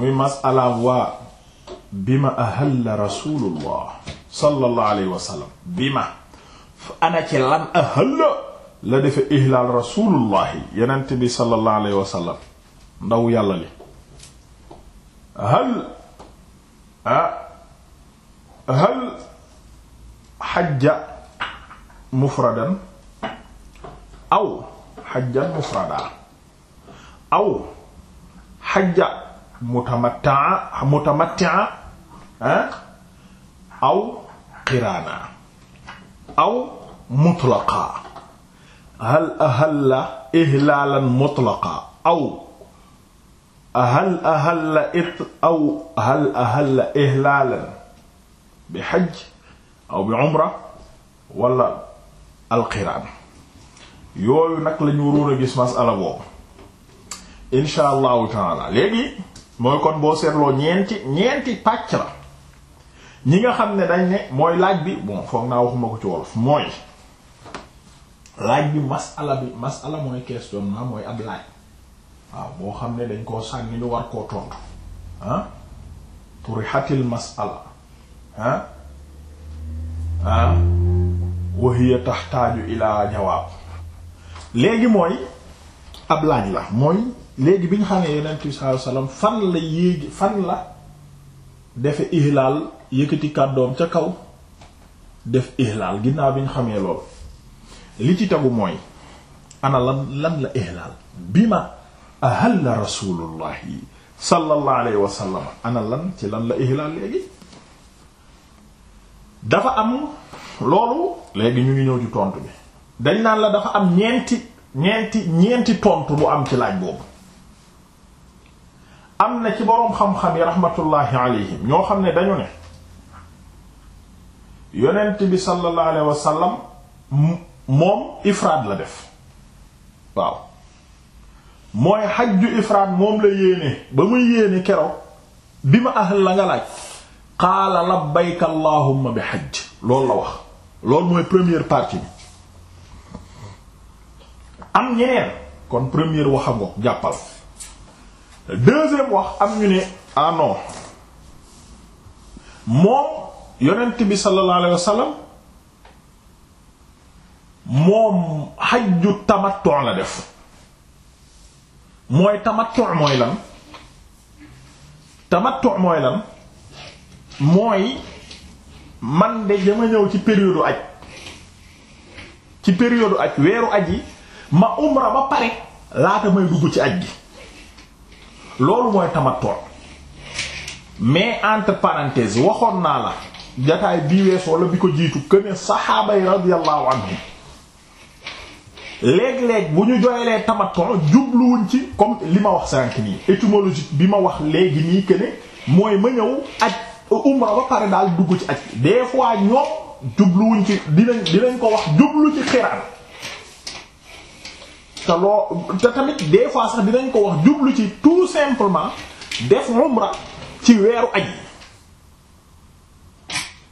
muy masalaam waa bima ahalla rasulullah sallallahu alayhi wa sallam bima ana ci lan ahalla la defe ihlaal rasulullahi yenent bi sallallahu alayhi wa sallam ndaw yàlla li hal ah hal xajja mufradan aw xajjan mufradan aw xajja mutamattaa mutamattia ah aw qiraana aw mutlaqa hal ahalla ihlaalan mutlaqa aw hal ahalla it aw hal ahalla ihlaalan bi hajj aw bi umra wala alqiraan yooyu nag lañu waroon a gis masala boobu insha allahu taala léegi mooy kon boo seetloo ñeenti ñeenti pàcc la ñi nga xam ne dañ ne mooy laaj bi bon foog naa waxuma ko ci wolof mooy laaj bi masala bi masala mooy question na mooy ab laaj waaw boo xam ne dañ koo sànni lu war koo tontu ah turihatil masala ah ah wa hiya taxtaaju ila jawaab léegi mooy ab laaj la mooy léegi bi ñu xam ne yonent bi sallallahu alayhi fan la yéegi fan la defe ihlaal yëkkati kàddoom ca kaw def ihlaal ginnaaw bi ñu xamee lool li ci tegu mooy ana lan lan la ihlaal bi ma ahalla rasulullahi sallallahu alayhi wasallam ana ci lan la ihlaal léegi dafa am loolu léegi ñu ngi ñëw di tontu bi dañ naan la dafa am ñeenti ñeenti ñeenti tontu bu am ci laaj boobu am na ci boroom xam-xam yi rahmatullahi alayhim ñoo xam ne dañu ne yonent bi sallallahu alayhi wa sallam moom ifraad la def waaw mooy xajju ifraat moom la yéene ba muy yéene keroog bi ma ahl la nga laaj qaala labbayka bi xajj loolu la wax loolu mooy première partie bi am ñeneen kon première waxa jàppal deuxième wax am ñu ne ah non moom yonent bi sallallahu alayhi wasallam moom xajju tamattu la def mooy tamattu mooy lan tamattu mooy lan mooy man de dama ñëw ci période aj ci période aj weeru aj yi ma umra ba pare laata may dugg ci aj gi loolu mooy tamattu mais entre parenthèses waxoon naa la jataay bii weesu wala bi ko jiitu këne saxaaba yi radiyallahu anhum léeg-léeg bu ñu jooyalee tamattu jubluwuñ ci comme li ma wax sànq nii étymologique bi ma wax léegi nii këne mooy ma ñëw aj umra ba pare daal dugg ci aj des fois ñoom jubluwuñ ci dinañ dinañ ko wax jublu ci xiraan te loo te tamit des fois sax dinañ ko wax jublu ci tout simplement def umra ci weeru aj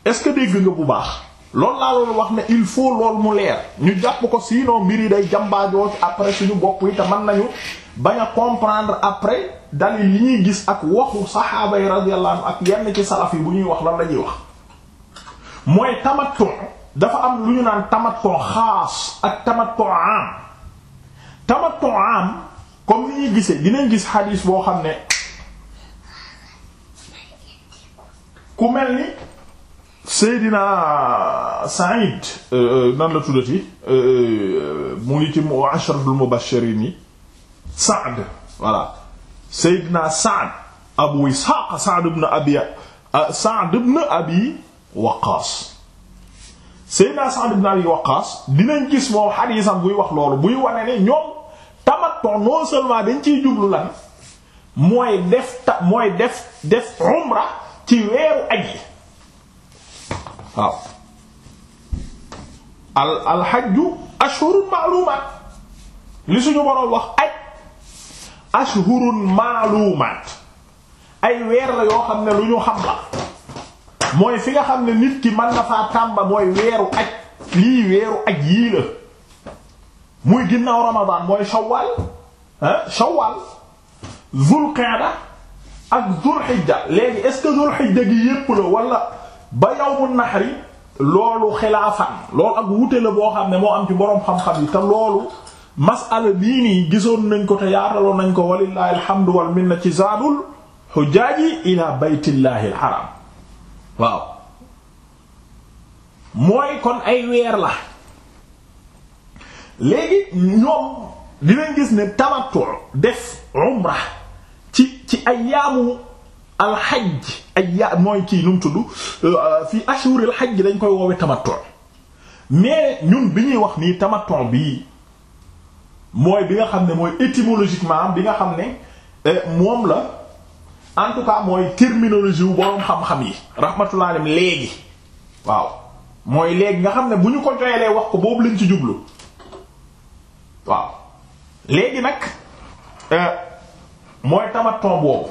est-ce que dégg nga bu baax lool laa loolu wax ne il faut lool mu leer ñu jàpp ko sinon mbir yi day jàmbaajoo ci après suñu bopp yi te mën nañu bañ comprendre après dalil yi ñuy gis ak waxu saxaaba yi radiyallahu ak yenn ci salaf yi bu ñuy wax lan la ñuy wax mooy tamattu dafa am lu ñu naan tamattu xaas ak tamattu am tamattu am comme ni ñuy gisee dinañ gis xadiis boo xam ne ku mel ni Seydina Saïd euh, euh, nan la tuddati euh, mu ngi ci asharatul mubashirin yi Saad voilà Seydina Saad Abu Ishaq Saad ibn Abi Saad ibn Abi Waqqas Seydina Saad ibn Abi Waqqas dinañ gis moom xadiisam buy wax loolu buy wane ne ñoom tamattu non seulement dañ ciy jublu lan mooy def ta mooy def def umra ci weeru aj yi waaw al alxajju ashhurun maalumaat li suñu boroom wax aj ashhurun maalumaat ay weer la yoo xam ne lu ñu xam la mooy fi nga xam ne nit ki mën na faa tàmba mooy weeru aj lii weeru aj yii la muy ginnaaw Ramadan mooy shawwal ah shawwal zul qaada ak zul xijja léegi est ce que zul xijja gi yépp la wala ba yawmu naxri loolu xilaafan lool ak wuute la boo xam ne moo am ci boroom xam-xam yi te loolu masala bii nii gisoon nañ ko te nañ ko walillahi alhamdu wal minna ci zaadul xujjaaji ila baytillahi alxaram waaw mooy kon ay weer la. léegi ñoom dinañ gis ne tamattu def umra ci ci ayaamu alxaj ayaa mooy kii nu mu tudd euh, fii ashuril xaj dañ koy woowe tamattu mais ñun bi ñuy wax nii tamattu bii mooy bi nga xam ne mooy étymologiquement bi nga xam ne euh, moom la en tout cas mooy terminologie wu boroom xam-xam yi rahmatullah alayhi léegi waaw mooy léegi nga xam ne bu ñu ko joyelee wax ko boobu lañ ci jublu waaw léegi nag euh, mooy tamaton boobu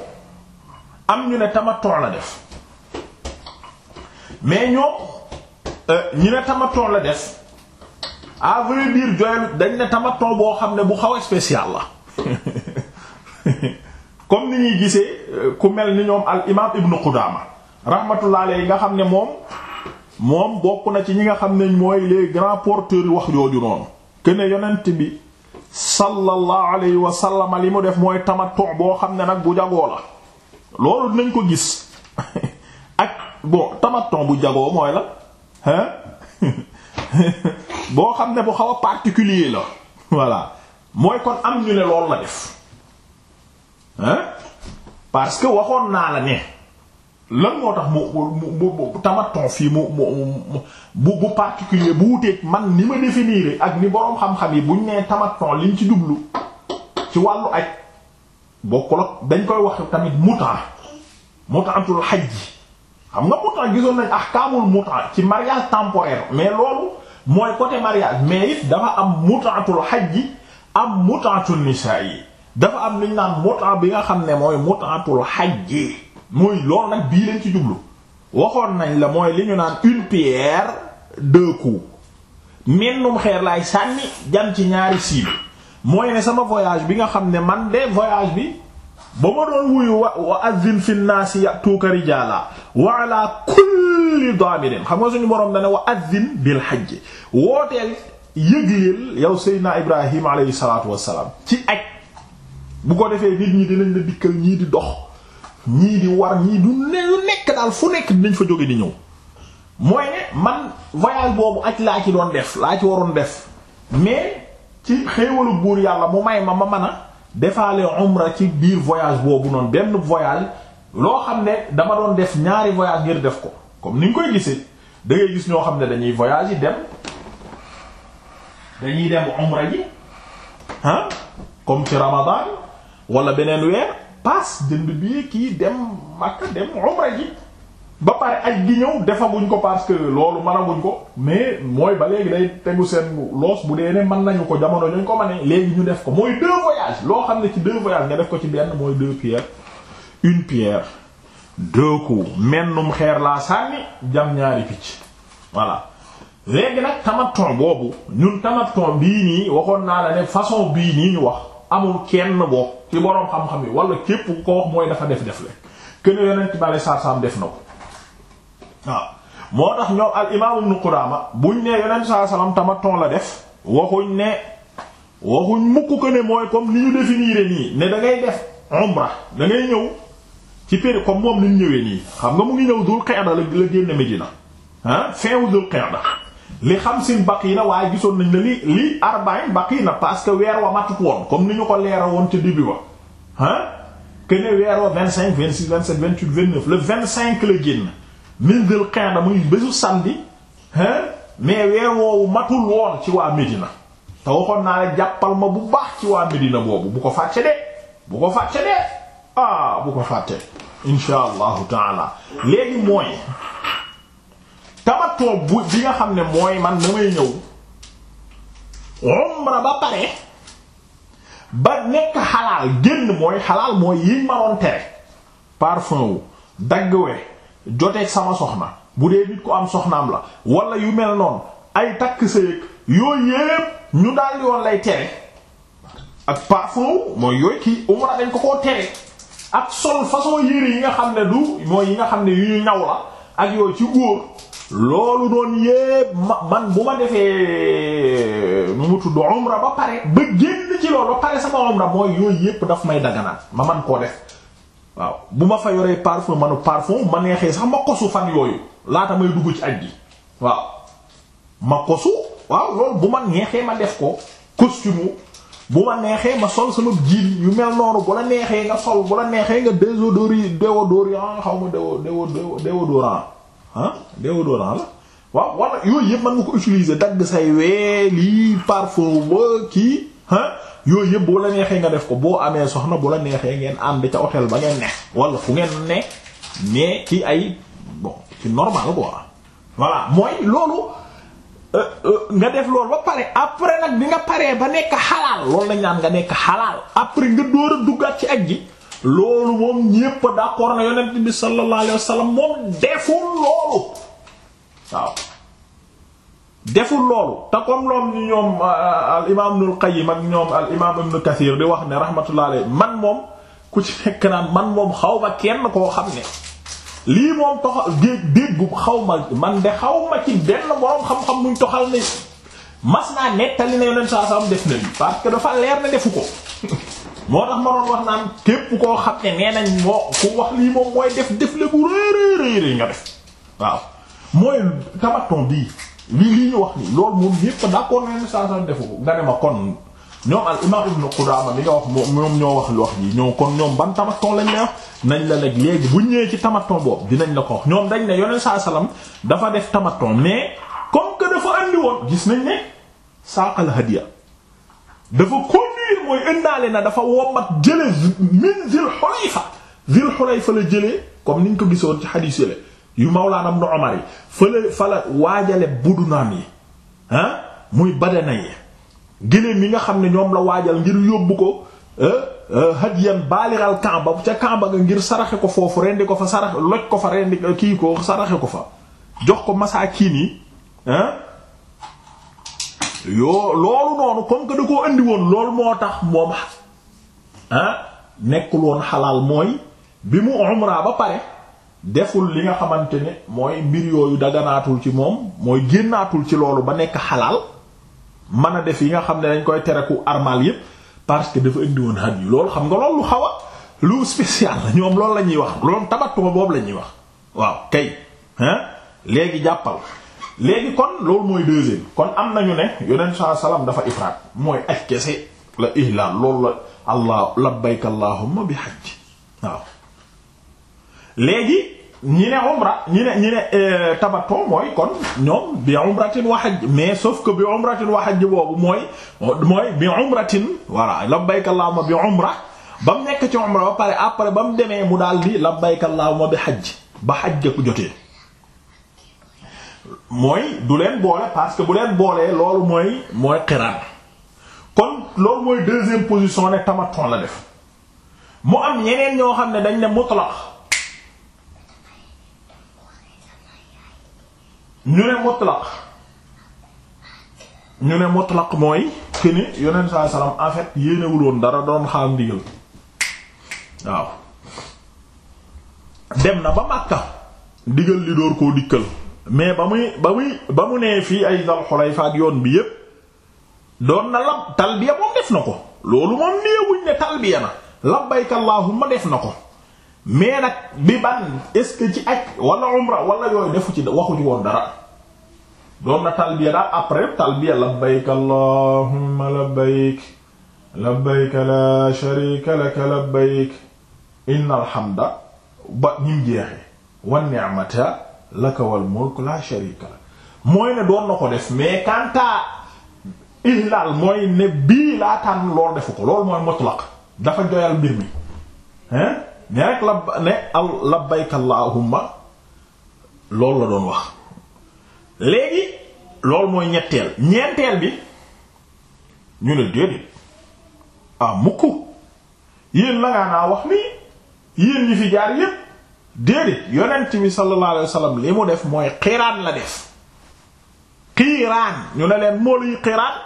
am ñu ne tamaton la def mais ñoom euh, ñu ne tamaton la def à vrai dire joyal dañ ne tamaton boo xam ne bu xaw a spécial la comme ni ñuy gisee euh, ku mel ni ñoom al imaam ibnu Qudaama rahmatullah alayhi nga xam ne moom moom bokk na ci ñi nga xam ne mooy les grands porteurs wax jooju noonu que yonent bi. sallallahu alayhi wa sallam li mu def mooy tamattu boo xam ne nag bu jagoo la loolu dinañ ko gis ak bon tamattu bu jagoo mooy la hein boo xam ne bu xaw a particulier la voilà mooy kon am ñu ne loolu la def hein parce que waxoon naa la ne lan moo tax mu mu mu tamaton fii mu mu bu bu particulier bu wuteeg man ni ma définir ak ni boroom xam-xam yi buñ nee tamaton liñ ci jublu ci wàllu aj bokkul ak dañ koy wax tamit muta mutaatul xaj ji xam nga muta gisoon nañ ahkaamul muta ci mariage temporaire mais loolu mooy côté mariage mais it dafa am mutaatul xaj ji am mutaatul nisaa yi dafa am liñ naan muta bi nga xam ne mooy mutaatul xaj ji mooy loolu nag bii lañ ci jublu waxoon nañ la mooy li ñu naan une pierre deux coups mennum xeer laay sànni jam ci ñaari cible mooy ne sama voyage bi nga xam ne man de voyage bi ba ma doon wuyu wa wa azzin fi naasi ya'tuuka rijaala wa ala kulli daamirin xam nga suñu borom dana wa azzin bil hajj wooteel yëgleel yow Seydina Ibrahim alayhi salaatu wassalaam ci aj bu ko defee nit ñi dinañ la dikkal ñii di dox ñii di war ñii du ne lu nekk daal fu nekk dinañ fa jóge di ñëw mooy ne man voyage boobu aj laa ci doon def laa ci waroon def mais ci xéewalu buur yàlla mu may ma ma mën a defaale umra ci biir voyage boobu noonu benn voyage loo xam ne dama doon def ñaari voyage ngir def ko comme ni nga koy gisee da ngay gis ñoo xam ne dañuy voyage yi dem dañuy dem umra ji ah comme ci ramadan wala beneen weer paas jënd bi kii dem Makka dem umra ji ba pare aj gi ñëw defaguñ ko parce que loolu mënaguñ ko mais mooy ba léegi day tegu seen loos bu dee ne mën nañu ko jamono ñu ko mënee léegi ñu def ko mooy deux loo xam ne ci deux voyages nga def ko ci benn mooy deux pierres une pierre deux coups mennum xeer laa sànni jam ñaari picc voilà léegi nag tamaton boobu ñun tamaton bii nii waxoon naa la ne façon bii nii ñu wax. amul kenn boo ci boroom xam-xam yi wala képp ku ko wax mooy dafa def def le kenn yonent bi alei def na ko waaw moo tax ñoom al imam ibn Qudama buñ ne yonent bi salai sallam la def waxuñ ne waxuñ mukk ko ne mooy comme ni ñu définir nii ne da ngay def umra dangay ñëw ci péri comme moom ni ñu ñëwee nii xam nga mu ngi ñëw dul qa'da la la génn Medina ah fin wu dul qa'da li xamsin baqiina waaye gisoon nañ ne li li arba'in baqiina parce que weer wa matut woon comme ni ñu ko leera woon ci début wa ah que ne weer wa cinq vingt six vingt sept vingt huit vingt neuf le vingt cinq la génn min dul qa'da muy bésu samedi hein mais weer woowu matul woon ci waa Médina te waxoon naa la jàppal ma bu baax ci waa Médina boobu bu ko fàccee de bu ko fàcce de ah bu ko fàtte insha allahu taala léegi mooy nattoo bi nga xam ne mooy man damay ñëw umra ba pare ba nekk xalaal génn mooy xalaal mooy yiñ ma tere parfum wu dagg we joteeg sama soxna bu dee nit ku am soxnaam la wala yu mel noonu ay takk sëyëg yooyu yépp ñu daldi woon lay tere ak parfum mooy yooyu kii umra dañ ko koo tere ak sol façon yére yi nga xam ne du mooy yi nga xam ne yu ñu ñaw la ak yooyu ci góor loolu noonu yépp ma man bu ma defee nu mu tudd umra ba pare ba génn ci loolu ba pare sama umra mooy yooyu yépp daf may daganaat ma man koo def waaw bu ma fa yoree parfum manu parfum ma neexee sax ma kosu fan yooyu laata may dugg ci aj gi waaw ma kosu waaw loolu bu ma neexee ma def ko costume bu ma neexee ma sol sama jiin yu mel noonu bu la neexee nga sol bu la neexee nga désodorant déodorant xaw ma déodorant ah déodorant la waaw wala yooyu yëpp man nga ko utiliser dagg say wee lii parfum ba kii ah yooyu boo la neexee nga def ko boo amee soxna bu la neexee ngeen ànd ca hôtel ba ngeen ne wala fu ngeen ne mais ci ay bon ci normal quoi voilà mooy loolu euh, euh, nga def loolu ba pare après nag bi nga paree ba nekk xalaal loolu lañ naan nga nekk xalaal après nga door a duggaat ci aj gi loolu moom ñépp d'accord na yonent bi sallallahu alayhi wasallam moom deful loolu waaw deful loolu te comme loolu ñoom euh, euh, al imaam Ibnul Qayyim ak ñoom al imaam Ibnu Kathir di wax ne rahmatullahi man moom ku ci nekk naan man moom xaw ma kenn koo xam ne lii moom toxal dé déggu xaw ma man de xaw ma ci benn boroom xam-xam muy toxal ne mas naa nettali na yonent sallallahu alayhi wasallam def na lii parce que dafa leer na defu ko moo tax ma doon wax naan képp koo xam ne nee nañ moo ku wax lii moom mooy def def le bu rëy mooy tabaton bii lii lii ñu wax nii loolu moom yëpp d'accord nañu saa saa defu ko nga ne ma kon ñoom al imam nga wax moom ñoo wax lu wax ji ñoo kon ñoom ban tamaton lañ la wax nañ la nag léegi bu ñëwee ci tamaton boobu dinañ la ko wax ñoom dañ ne yoneen saa salaam dafa def tamaton mais comme que dafa andi woon gis nañ ne saaqal hadiya dafa ko fii mooy indaale na dafa wommat jële min zil xulayfa zil xulayfa la jëlee comme niñ ko gisoon ci xadiis yële yu mawlaana ibnu Umar yi fële fala waajale budunaam yi ah muy badana yi géléem yi nga xam ne ñoom la waajal ngir yóbbu ko eh, eh, hadiyan baaliral kamba ca kaamba nga ngir saraxe ko foofu rendi ko fa sarax loj ko fa rendi kii ko saraxe ko fa jox ko masaakiin yi ah yoo loolu noonu comme que da koo indi woon loolu moo tax moom ah nekkul woon xalaal mooy bi mu umra ba pare deful li nga xamante ne mooy mbir yooyu daganaatul ci moom mooy génnaatul ci loolu ba nekk xalaal mën a def yi nga xam ne dañ koy tere ku armal yépp parce que dafa indi woon had yu loolu xam nga loolu lu xaw a lu spécial ñoom loolu la ñuy wax loolu tabatuma boobu lañuy wax waaw kay léegi jàppal léegi kon loolu mooy deuxième kon am nañu ne yonent saa salaam dafa ifraat mooy aj kese la ihlaal loolu la allah labbayk allahumma bi hajj waaw léegi ñi ne umra ñi ne ñi ne euh, tabato mooy kon ñoom bi umratin wax hajj mais sauf que bi umratin wa hajj boobu mooy mooy bi umratin voilà labbayk allahumma bi umra ba mu nekk ci umra ba pare après ba mu demee mu daal di labbayk allahumma bi hajj ba hajj ku jotee mooy du leen boole parce que bu leen boolee loolu mooy mooy xiraan kon loolu mooy deuxième position ne tamaton la def mu am ñeneen ñoo xam ne dañ ne mutlaq ñu ne mutlaq ñu ne mooy que ni yonent saa salaam en fait yéenewul woon dara doon xaar ndigal waaw dem na ba Makka ndigal li door koo dikkal. mais ba mu nee fii ay dal xulayfa ak yoon bi yépp doon na lab talbiya moom def na ko loolu moom néewuñ ne talbiya na labbayka allahumma def na ko mais bi ban est ci aj wala umra wala yooyu defu ci waxu ci woon dara doon na talbiya daal après talbiya labbayka allahumma labbayk labbayka la sharika laka labbayk innal hamda ba ñim jeexe wan ni'mata laka wal mulk la sharika la mooy ne doon na ko def mais kanta ihlal mooy ne bii laa tànn lool defu ko loolu mooy mutlaq dafa joyal mbir mi hein ne rek la ne al labbayka allahumma la doon wax léegi loolu mooy ñetteel ñeenteel bi ñu ne déedéet ah mukk yéen la ngaa naa wax nii yéen ñi fi jaar yépp déedéet yonent bi sallallahu alayhi wa sallam li mu def mooy xiraan la def xiraan ñu ne leen moo luy xiraan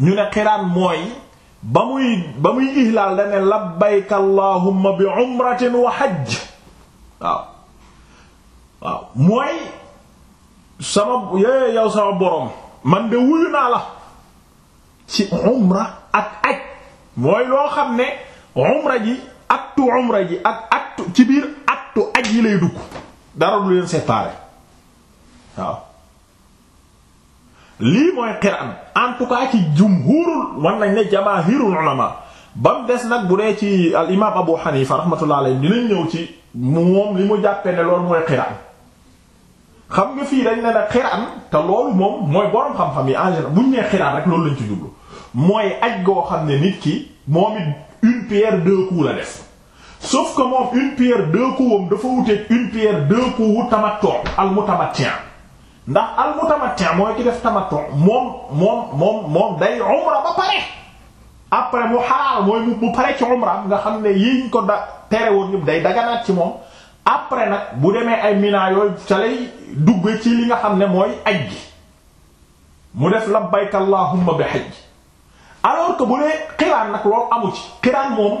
ñu ne xiraan mooy ba muy ba muy ihlaal dane labbayka allahumma bi umratin wa hajj waaw mooy sama yee yow sama borom man de wuyu naa la ci umra ak aj mooy loo xam ne umra ji aktu umra ji ak aktu ci biir nattu yi lay dugg dara du leen séparé waaw lii mooy xiraan en tout cas ci des nag bu dee ci al imaam Abu Hanifa rahmatullah alayhi dinañ ñëw ci moom li mu jàppee ne loolu fii dañ ne nag moom mooy boroom xam-xam yi en général bu ñu nee xiraan rek loolu lañ ci jublu mooy aj goo xam ne nit ki moom it une pierre deux la def sauf que moom une pierre deux coups dafa wuteeg une pierre deux coups wu tamattu ndax al mooy ki def tamattu moom moom moom day umra ba pare après mu xalaal mooy mu pare ci umraam nga xam ne yiñ ko da tere woon ñëpp day daganaat ci moom après nag bu demee ay mina yooyu ca lay dugge ci li nga xam ne mooy aj gi mu def labbayka allahumma bi hajj alors que bu dee xiraan nag loolu amu ci xiraan moom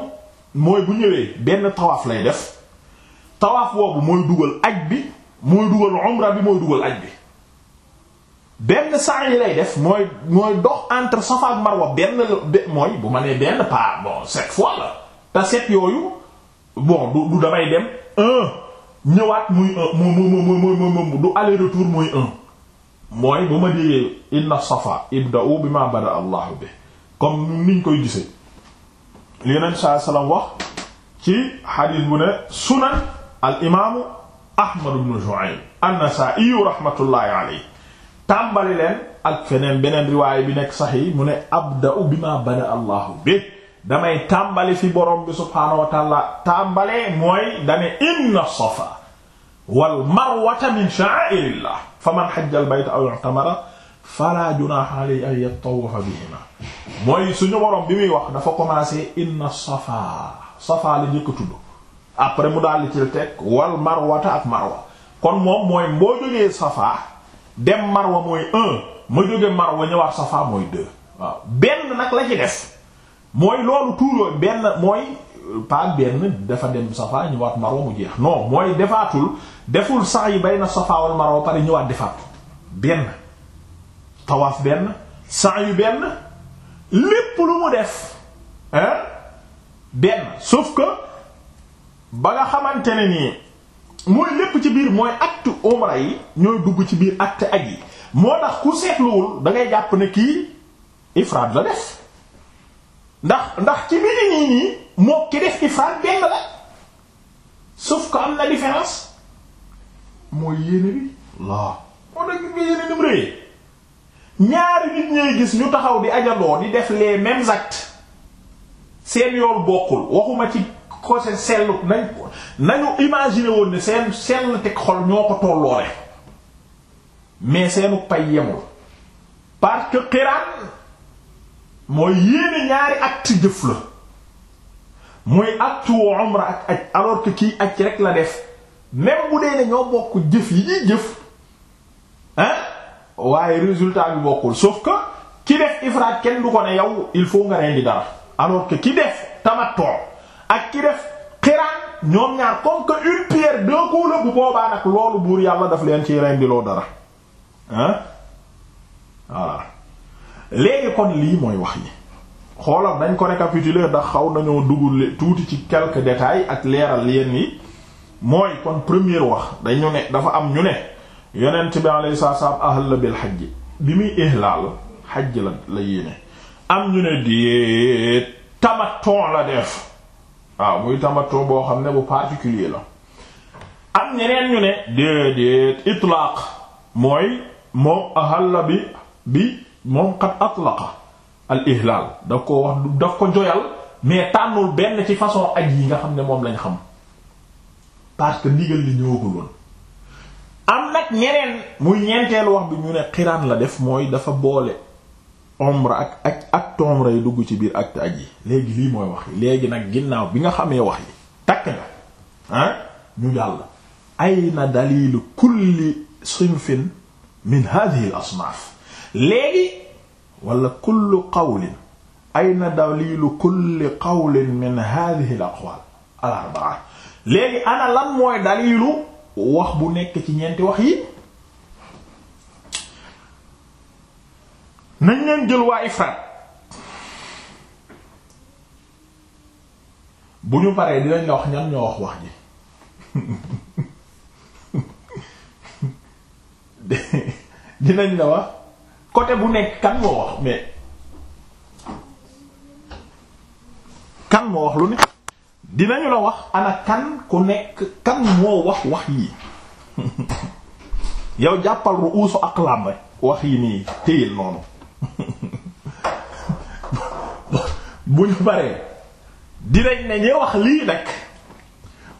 mooy bu ñëwee benn tawaaf lay def tawaaf boobu mooy dugal aj bi mooy dugal umra bi mooy dugal aj bi benn sa'i lay def mooy mooy dox entre Safa ak Marwa benn mooy bu ma nee benn pas bon sept fois la te sept yooyu bon du bada Allahu bi comme niñ koy gise li yonent saa salaam wax ci xadiis bu ne sunan al imaamu Ahmad ibn Shu'ayb an-Nasaa'i rahmatullahi alayhi tàmbali leen ak feneen beneen riwaay bi nekk saxiix mu ne abda'u bima bada allahu bi damay tàmbali fi borom bi subhaanahu wa taala tàmbalee mooy dane inna safa wal marwata min sha'a'irillah faman hajja al bayta aw i'tamara fala junaaha alayhi an yattawafa bihima mooy suñu borom bi muy wax dafa commencé inna safa safa la njëkk tudd après mu daal di ci teg wal marwata ak marwa kon moom mooy boo jógee safa dem marwa mooy un ma jóge marwa ñëwaat safa mooy deux waaw benn nag la ci def mooy loolu tuurooyu benn mooy pas benn dafa dem safa ñëwaat marwa mu jeex non mooy defaatul deful sax yi bay na safa wal marwa pare ñëwaat defaat benn tawaaf benn sa'y yu benn lépp lu mu def hein benn sauf que ba nga xamante ne nii mooy lépp ci biir mooy acte umra yi ñooy dugg ci biir att ak yi moo tax ku seetluwul da jàpp ne kii ifraad la def ndax ndax ci biir nii nii moo ki def ifraad benn la sauf que am na différence mooy yéene bi laa moo tax nga yéene ni mu ñaari nit ñay gis ñu taxaw di ajaloo di def les mêmes actes seen yoon bokkul waxuma ci ko seen sellu nañ nañu imaginer woon ne seen sell teg xol ñoo ko tolloore mais seenu pay yemul parce que xiraan mooy yéene ñaari acte jëf la mooy at wu umra ak aj alors que kii aj rek la def même mu dee ne ñoo bokk jëf yi jëf hein waaye résultat bi bokkul sauf que ki def ifraat kenn du ko ne yow il faut nga rendi dara alors que ki def tamattu ak ki def xiraan ñoom ñaar comme que une pierre deux coups la bu boobaa loolu buur yàlla daf leen ciy rendiloo dara ah voilà léegi kon lii mooy wax yi xoolal dañ ko récapituler ndax xaw nañoo dugg tuuti ci quelques détails ak leeral yenn yi mooy kon première wax dañu ne dafa am ñu ne yeneen bi alayhi salaam ahalla bil xajji bi muy ihlaal xajj la la yéene am ñu ne di tamaton la def waaw muy tamaton boo xam ne bu particulier la am ñeneen ñu ne déedéet itlaaq mooy moom ahalla bi bi moom qad atlaqa al ihlaal daf ko wax daf ko joyal mais tànnul benn ci façon aj yi nga xam ne moom lañ xam parce ndigal li ñëwagul woon am nag ñeneen muy ñeenteelu wax bi ñu ne xiraan la def mooy dafa boole omra ak ak tomra yi dugg ci biir ak aj yi léegi lii mooy wax yi léegi nag ginnaaw bi nga xamee wax yi takk nga ah ñu jàll ay na dalilu kulli sinfin min hadhihi al asnaaf léegi wala kullu qawlin ay na dalilu kulli qawlin min hadhihi al aqwal al arba'a léegi ana lan mooy dalilu wax bu nekk ci ñeenti wax yi nañ leen jël waa ifraat bu ñu paree dinañ la wax ñan ñoo wax wax ji dinañ la wax côté bu nekk kan moo wax mais kan moo wax lu ne dinañu la wax ana kan ku nekk kan moo wax wax yii yow jàppal ru'uusu aqlaam rek wax yi nii téyil noonu bu ñu baree dinañ ne ñi wax lii nag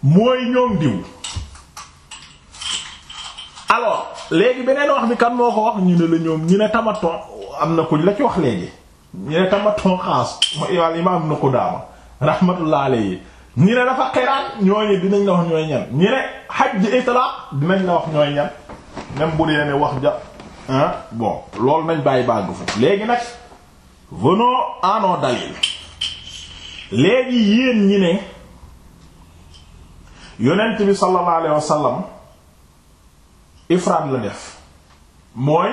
mooy ñoom diw alors léegi beneen wax bi kan moo ko wax ñu ne la ñoom ñu ne tamaton am na kuñ la ci wax léegi ñu ne tamaton xaas mooy al imaam Ibn Qudaama rahmatullah alayhi ñi ne dafa xiraan ñooñu dinañ la wax ñooy ñan ñi ne xaj itlaq dinañ la wax ñooy ñan même bu dee wax ja ah bon nañ bàyyi bàgg foofu léegi nag venons à nos dalil léegi yéen ñi ne yonent bi sallallahu alayhi wasallam la def mooy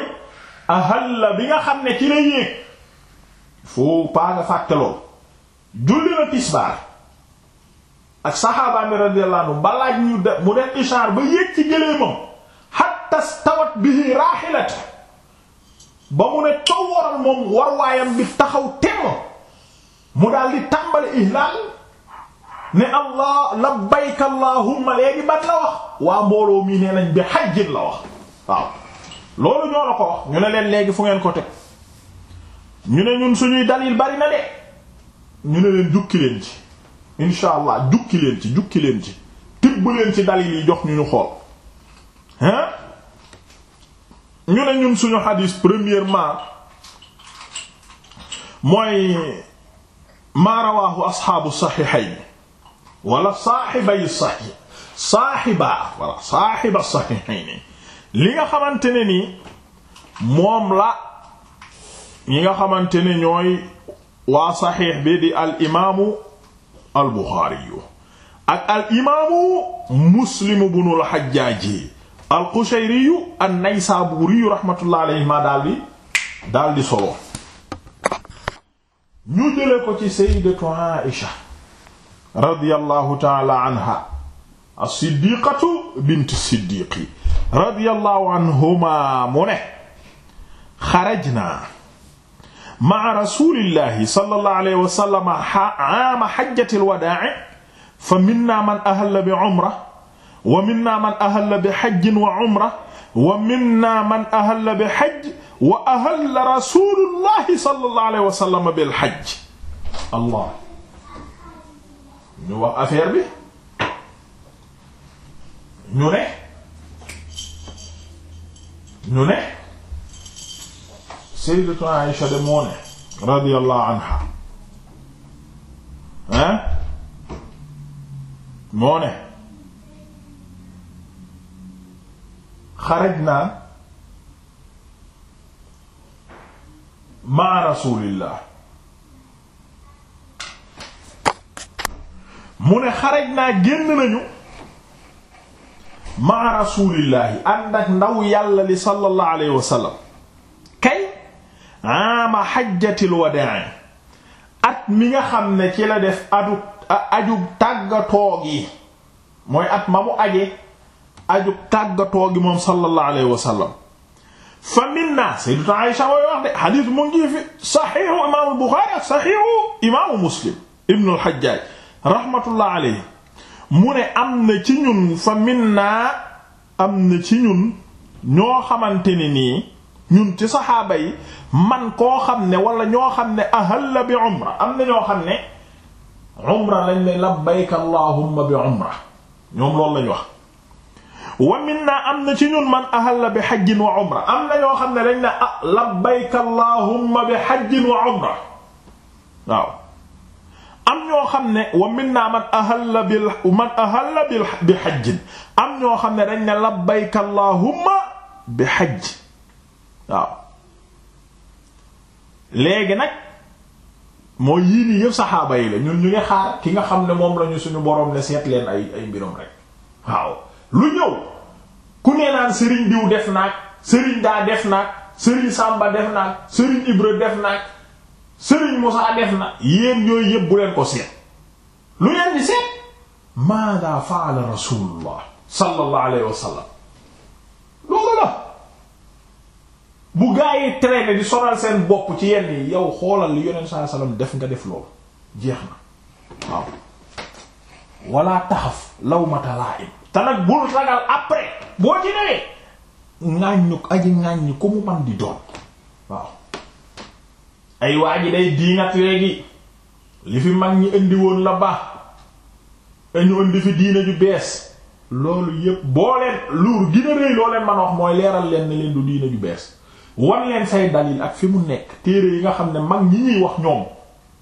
ahal la bi nga xam ne ci la yéeg faut pas nga fàtte lool julli na tisbaar ak saxaabaami radiyallahu anhu balaaj ñu de mu def ishaar ba yéeg ci gëléemam hatta stawat bihi raahilatu ba mu ne tow waral moom warwaayam bi taxaw temm mu daal di tàmbali ihlaal ne allah labbayka allahumma léegi ban la wax waa mbooloo mii nee nañ bi hajjin la wax waaw loolu ñoo la ko wax ñu ne leen léegi fu ngeen ko teg ñu ne ñun suñuy dalil bari na de ñu ne leen jukki leen ci insha allah jukki leen ci jukki leen ci tibb leen ci dalil yi jox ñu ñu xool hein ñu ne ñun suñu xadiis premièrement mooy maa rawaahu asxaabu saxiixayn wala saaxibay saxiix saaxiba wala saaxiba saxiixayn li nga xamante ne nii moom la ñi nga xamante ne ñooy waa saxiix bi di al imaamu al buxaariyu ak al imaamu muslimu bunul xajjaaji al qushayriyu an naysaabuuriyu rahmatullah alayhima daal di daal di solo ñu jële ko ci sayyidatu Aisha radiyallahu ta'ala anha as-siddiqatu bint siddiqi radiyallahu anhuma mu ne xarajna ma'a rasulillahi sallallahu alayhi wa sallam aama hajjatil wadaa' fa minna man ahalla bi umra wa minna man ahalla bi hajjin wa umra wa minna man ahalla bi hajj wa ahalla rasulullahi sallallahu alayhi wa sallam bil hajj allah ñu wax affaire bi ñu ne ñu ne sayyidatu Aisha de moo ne radiyallahu anha hein moo ne xarajna ma'a rasulillah mu ne xarajna génn nañu ma'a rasulillah ànd ak ndaw yàlla li sallallahu alayhi wa sallam ama xajjatil wadaa at mi nga xam ne ci la def adu ajub tàggatoo gi mooy at ma mu aje ajub tàggatoo gi moom sallallahu alayhi wa sallam fa minna sayyidatu Aisha saxiixu imaamu Buxaari ak saxiixu imaamu Muslim ibnu al-Hajjaaj alayhi mu ne am na ci ñun fa minna am na ci ñun ñoo xamante ne nii ñun ci saxaaba yi man koo xam ne wala ñoo xam ne ahal la bi umra am na ñoo xam ne umra lañ ne labbayka allahumma bi umra ñoom loolu lañ wax wa minna am na ci ñun man ahal la bi hajjin wa umra am na ñoo xam ne lañ ne ah labbayka allahumma bi hajjin wa umra waaw am ñoo xam ne wa minna man ahalla bil man ahalla bi hajjin am ñoo xam ne dañ ne labbayka allahumma bi hajj waaw léegi nag moo yii nii yëpp saxaaba yi la ñun ñu ngi xaar ki nga xam ne moom lañu suñu borom ne seet leen ay ay mbirom rek waaw lu ñëw ku ne naan Serigne diw def naag Serigne daa def naag Serigne Samba def naag Serigne Ibra def naag Serigne Moussa def na yéen yooyu yëpp bu leen ko seet lu leen di seet maada faala rasulullah sallallahu alayhi wa sallam loolu bu gaa yi traîner di sonal seen bopp ci yenn yi yow xoolal li yonent saa salaam def nga def loolu jeex na waaw walla taxaf law mata laa im te nag bul ragal après boo ci newee ŋàññu aji ŋàññi ku mu man di doon waaw day diingat léegi li fi mag ñi indi woon la baax dañu indi fi diine ju bees loolu yépp boo leen luur gën a rëy loo leen man wax mooy leeral leen ne leen du diine ju bees wan leen say dalil ak fi mu nekk téere yi nga xam ne mag ñi ñuy wax ñoom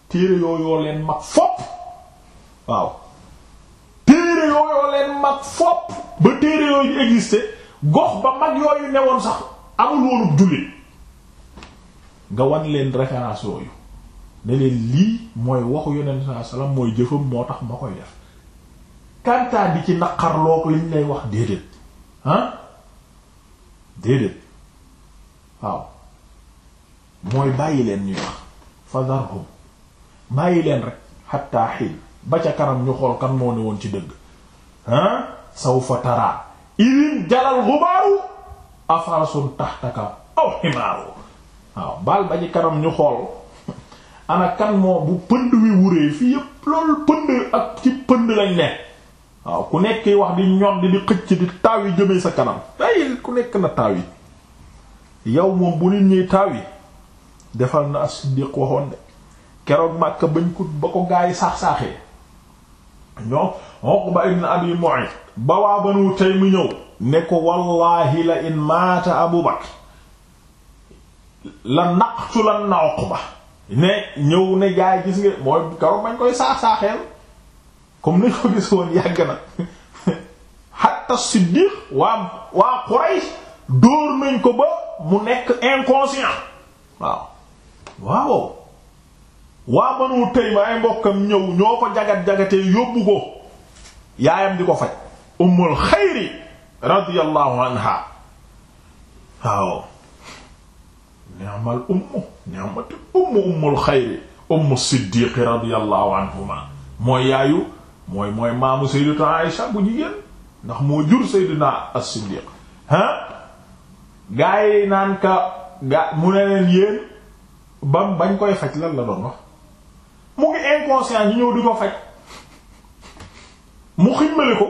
téere yooyoo leen mag fopp waaw téere yooyoo leen mag fopp ba téere yooyu existé gox ba mag yooyu newoon sax amul woonub jullit nga wan leen référence yooyu ne leen lii mooy waxu yonent sallallahu alayhi wasallam mooy jëfam moo tax ma koy def kantaa bi ci naqarloo ko liñ lay wax déedéet ah déedéet waaw mooy bàyyi leen ñuy wax fadarhum bàyyi leen rek xatta xiin ba ca kanam ñu xool kan moo ne woon ci dëgg saw sawfa taraa idin jalal xubaaru afarsun taxtaka aw ximaaru waaw baal ba ci kanam ñu xool ana kan moo bu pënd wi wuree fii yépp loolu pënd ak ci pënd lañ ne waaw ku nekk wax di ñodd di xëcc di taaw yi jëmee sa kanam ay ku nekk na taaw yi yow moom bu nit ñuy taw yi defal na as-Siddiq waxoon de keroog Makka bañ ko ba ko gaa yi saax-saaxee ñoo Uqba ibn Abi Mu'ayt ba waa Banu Taym ñëw ne ko wallaahi la in maata Abu Bakr la naqtulanna Uqba ne ñëw ne gaa yi gis nga mooy keroog bañ koy saax-saaxeel comme ni ko gis woon yàgg na hatta siddiq waa waa Quraysh dóor nañ ko ba mu nekk inconscient waaw waaw waa Banu Tayma ay mbokkam ñëw ñoo ko jagat jagatee yóbbu ko yaayam di ko faj ummul xayri radiyallahu anha waaw ni'mal ummu ni'mat ummu ummul xayri ummu siddiq radiyallahu anhuma mooy yaayu mooy mooy maamu sayyidatu Aisha bu jigéen ndax moo jur sayyidina as-siddiq ha gaa yi naan ka ga mu ne leen yéen bam bañ koy faj lan la doon wax mu ngi inconscient ñu ñëw di ko faj mu ximmali ko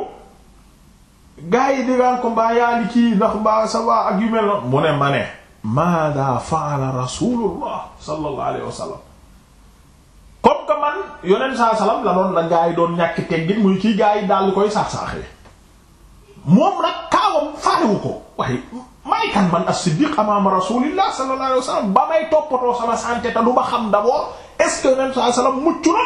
gaa yi digaan ko mbaa yaa li kii ndax mbaa sa waa ak yu mel noonu mu ne ma ne maada faala rasulullah sallallahu alayhi wa sallam man yonent saa la doon la gaa yi doon ñàkk teggin muy kii gaa yi daal koy saax-saaxee moom nag kaawam faalewu ko waaye maay kan man as-siddiq amaama rasulillah sallallahu alayhi wa sallam ba may toppatoo sama santé te xam d'abord est-ce que nabi sallallahu alayhi wa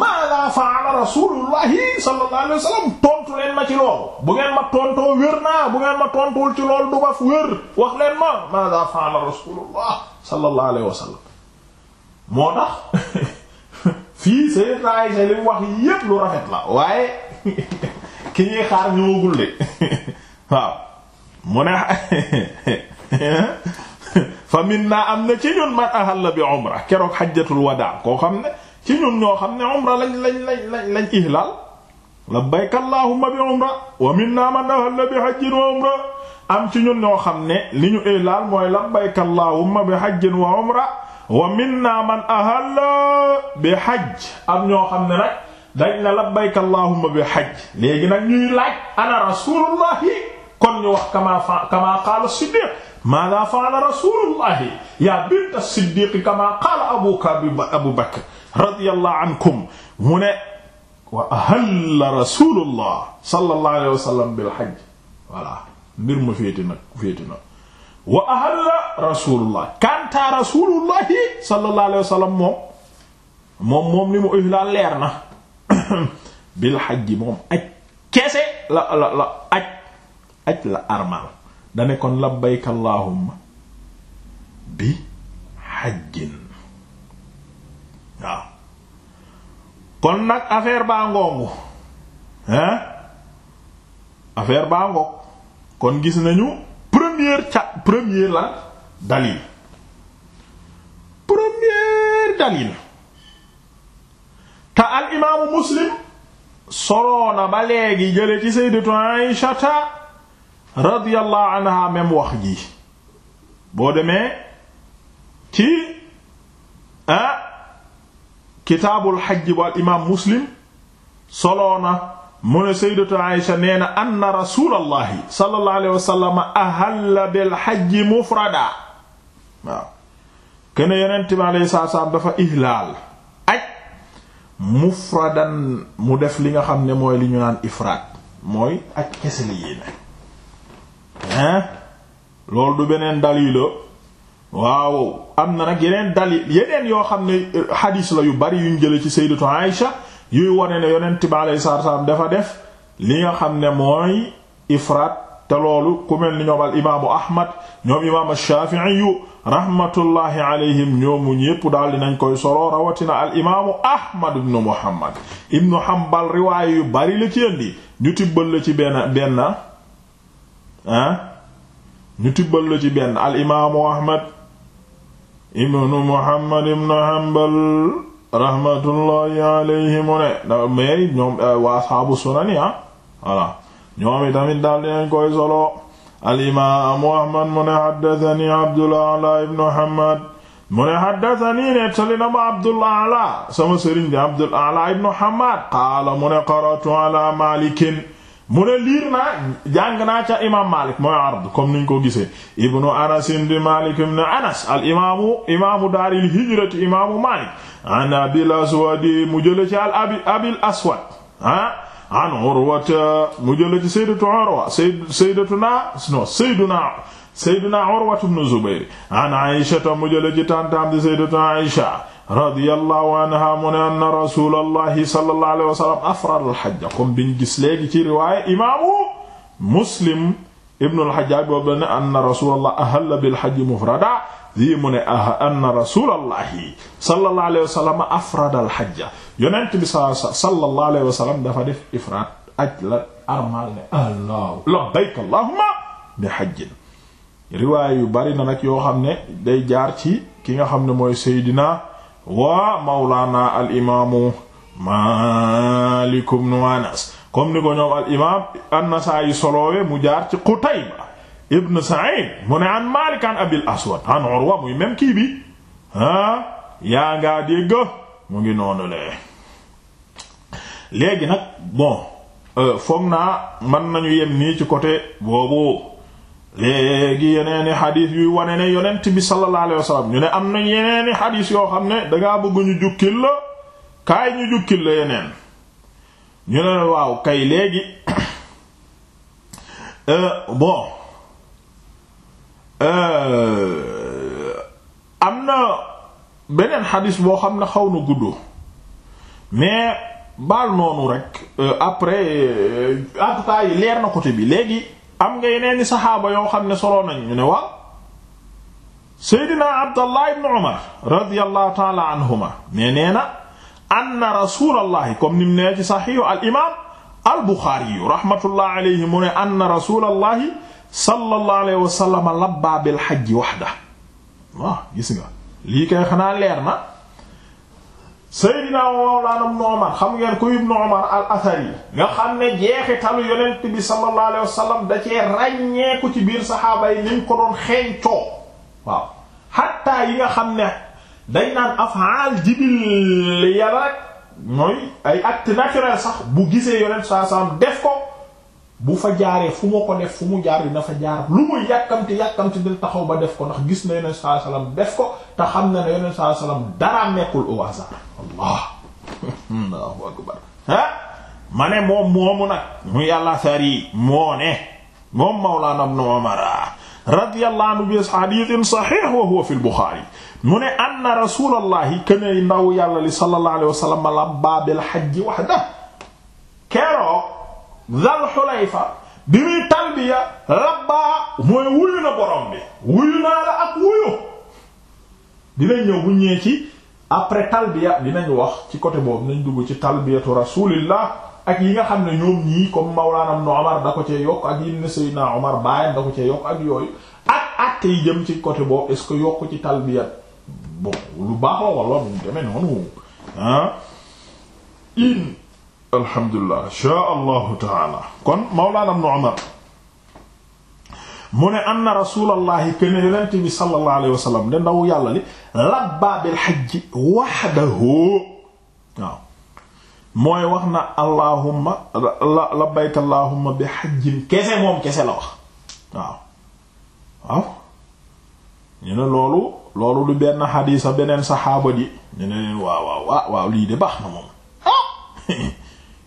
maada faala rasulullahi sallallahu alayhi wa sallam tontu leen ma ci loolu bu ma tontoo wér bu ngeen ma tontuwul ci loolu du ma maada faala rasulullah sallallahu alayhi wa sallam moo tax fii sayyidat Aisha li wax yépp lu rafet la waaye ki ñuy xaar ñëwagul de mu ne fa minna am na ci ñun koo xam ne ci ñun lañ lañ lañ lañ lañ ihlaal labbayka allahumma bi umra man ahalla bi ne li ñu ihlaal mooy labbayka allahumma bi am ñoo xam ne nag kon ñu wax kama fa kama qaala siddiq maada faala rasulullahi ya bint siddiq kama qaala abuka abu bakr radiyallahu ankum mu ne wa ahalla rasulullah sallallahu alayhi wa sallam bil hajj voilà mbir mu féeti nag féeti nag wa ahalla rasulullah kanta rasulullahi sallallahu alayhi wa sallam moom moom moom li mu ihlaal leer na bil hajj moom aj kese la la la aj aj la armal dane kon labbayka bi hajjin waaw kon nag affaire baa ngoongu hein affaire baa ngoog kon gis nañu première ca premier la dalil premier dalil te al imaamu muslim soloona ba léegi jële ci sayyidatu Aysata radiyallahu anha même wax ji boo demee ci ah kitaabul xaj bu al imaam muslim soloona mu ne sayyidatu Aisha nee na anna rasulallahi sa alayhi wa sallam ahalla kenn yonent bi alayhi salaam dafa ihlaal aj mufradan mu def li nga xam ne mooy li ñu naan ifraat mooy ak kese la yéene hein loolu du beneen dalil la waaw am na nag yeneen dalil yeneen yoo xam ne xadiis euh, la yu bari yuñ jële ci sayyidatu Aïsha yuy wane ne yonent bi alayhi salaatu salaam dafa def li nga xam ne mooy ifraat te loolu ku mel ni ñoom al imaamu ahmad ñoom imaam ash-Shafi'i rahmatullahi alayhim ñoomu ñépp daal dinañ koy solo rawatina al imaamu ahmad ibnu muhammad ibnu hanbal riwaaya yu bari la ci indi ñu tibbal la ci benn benn ah ñu tibbal la ci benn ahmad ibnu muhammad ibnu hanbal rahmatullahi alayhi mu ne mais euh, sunani ah voilà ñoom itamit daal dinañ koy solo al ahmad mu ne abdul ala ibnu hamad mu ne nettali na ma abdul ala sama sëriñ di abdul ala ibnu hamad qaala mu qara'tu ala malikin mu ne liir naa jàng naa ca imam Malik mooy ard comme niñ ko gisee ibnu Anas di Malik ibn Anas al imaamu imaamu daaril hijrati imaamu Malik an abil aswad mu jële ci al abi abil aswad ah an Urwata mu jële ci sayyidatu Urwa sayyidatuna no sayyiduna Seydina Urwatu bnu Zubayr an Aysata mu jële ci tantaam di Sayyidatuna Aysa radiyallahu anha mu ne anna rasulallahi sallallahu alayhi wa sallam afrada al-hajj comme biñ gis léegi ci riwaaya imaamu Muslim ibnu al-Hajjaj boobu ne anna rasulallah ahalla bil-hajj mufrada lii mu ne ah, anna rasulallahi sallallahu alayhi wa sallam afrada al-hajj yonent bi sallallahu alayhi wa sallam dafa def ifraat aj la armal ne allahu labbayk allahumma bi hajjin riwaay yu bari na nag yoo xam ne day jaar ci ki nga xam ne mooy seydina waa mawlaana al imaamu Maalik ibnu Anas comme ni ko ñoom al imaam an-Nasaa'i mu jaar ci Qutayba ibn Sa'id mu ne an Maalik Abil Aswad an Urwa muy même kii bi ah yaa ngaa dégg mu ngi noonu lee léegi nag bon euh, foog naa mën nañu yem nii ci côté boobu léegi yeneeni xadiis yuy wane ne yonent bi sallallahu alayhi wasallam ñu ne am na yeneeni xadiis yoo xam ne dangaa bëgg ñu jukkil la kaay ñu jukkil la yeneen ñu ne waaw kay léegi euh, bon euh, am na beneen xadiis boo xam ne xaw na gudd mais baal noonu rek euh, après en tout yi leer na côté bi léegi am nga yeneen i saxaaba yoo xam ne soloo nañ ñu ne waaw seydina abdallah ibn umar radiyallahu taala anhuma ne nee na anna rasulallahi comme nim nee ci saxiixu al imam al buxaari yu rahmatullah alayhi mu ne anna rasulallahi sallallahu alayhi wa sallam labbaa bil hajji wahda waaw gis nga lii kay xanaa leer na Seydina Mawlana Ibn Umar xam ngeen ko Ibn Umar al-Athari nga xam ne jeexitalu yonent bi sallallahu alayhi wasallam da cee ràññeeku ci biir saxaaba yi niñ ko doon xeeñcoo waaw hatta yi nga xam ne dañ naan af'al jibil ya rek mooy ay acte naturel sax bu gisee yonent sallallahu alayhi wasallam ko bu fa jaaree fu ma ko def fu mu jaar dina fa jaar lu mu yàkkamti yàkkamti dina taxaw ba def ko ndax gis na yonent sallallahu alayhi wasallam def ko te xam na ne yonent sallallahu alayhi wasallam dara nekkul au hasard allah allahu akbar ha ma ne moom moomu nag mu yàlla sar yi moo ne moom mawlana ibn umar radiyallahu anhu bi hadithin sahih wa huwa fi al-bukhari mu ne anna rasulallahi kana ndaw yàlla li sallallahu alayhi wasallam labba bil hajj wahda kero Zal Xulayfa bi muy talbiya rabbaa mooy wuyu na borom bi wuyu naa la ak wuyu dinañ ñëw bu ñëwee ci après talbiya dinañ wax ci côté boobu nañ dugg ci talbiyatu rasulillah ak yi nga xam ne ñoom ñii comme Mawlana Ibn Umar da ko cee yokk ak yi ne Seydina Umar baayam da ko cee yokk ak yooyu ak ak tey jëm ci côté boobu est-ce que yokk ci talbiya bon lu baax la wala mu demee noonu ah in alhamdulilah inshaa allahu taala kon mawlaana ibn Umar mu ne anna rasulallahi ken yonent bi sallallahu alayhi wa ndaw yàlla li labbaa bil hajji wahdahu waaw mooy wax na allahumma labbayka allahumma bi hajjin kese moom kese la wax waaw waaw ñu ne loolu loolu du benn xadiisa beneen saxaaba di ñu ne leen waaw waaw waaw lii de baax na moom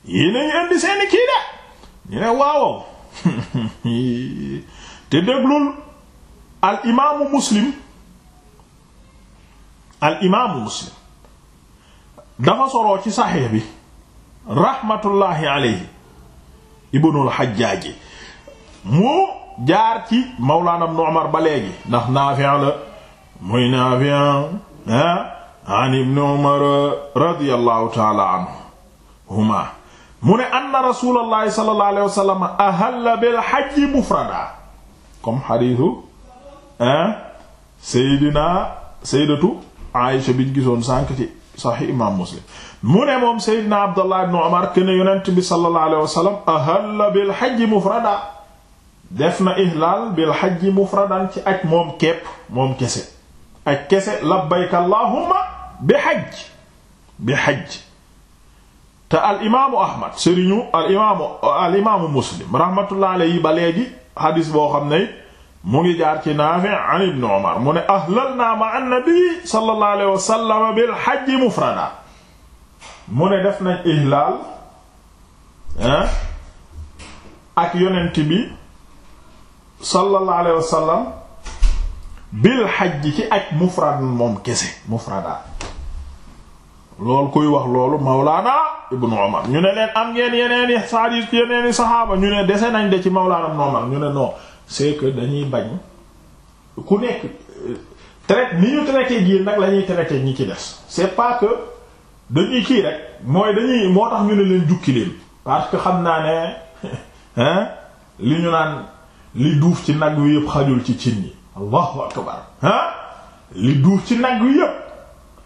yéen a ngi indi kii de ñu ne waawow te déglul al muslim al muslim dafa soroo ci saxiix bi rahmatullahi alayhi ibnul xajjaaji mu jaar ci mawlaana ibnu umar ba léegi ndax naafi la muy naafi ah an ibnu umar radiyallahu taala anhuma mu ne anna rasulallahi sallallahu alayhi wa sallam ahalla bil hajji mufrada comme Seydatu Aïsha biñ gisoon sànq ci saxi imaam Muslim mu ne moom Seydina Abdallah ibn Umar ken yonent bi sallallahu alayhi wa sallam ahalla bil def na ihlaal bil hajji mufradan ci aj moom képp moom kese aj kese labbayka bi hajj bi hajj te al imaamu ahmad sëriñu al imaamu al imaamu muslim rahmatullah alayhi ba léegi hadis boo xam ne mu ngi jaar ci naafi an ibn umar mu ne ahlalna ma annabi sallallahu alayhi wa bil hajj mufrada mu ne def nañ ihlaal ak yonent bi sallallahu alayhi wa sallam bil hajj ci ak mufrad moom kese mufrada loolu kuy wax loolu Mawlaana Ibnu Umar ñu ne leen am ngeen yeneen i saadis yeneen i saxaaba ñu ne dese nañ de ci Mawlaana Ibnu Umar ñu ne non c'est que dañuy bañ ku nekk traite ni ñu traité gi nag lañuy ñuy traité ñi ci des c'est pas que dañuy kii rek mooy dañuy moo tax ñu ne leen jukki leen parce que xam naa ne li ñu naan li duuf ci nag wi yëpp xajul ci cin yi Allahu akbar li duuf ci nag wi yëpp.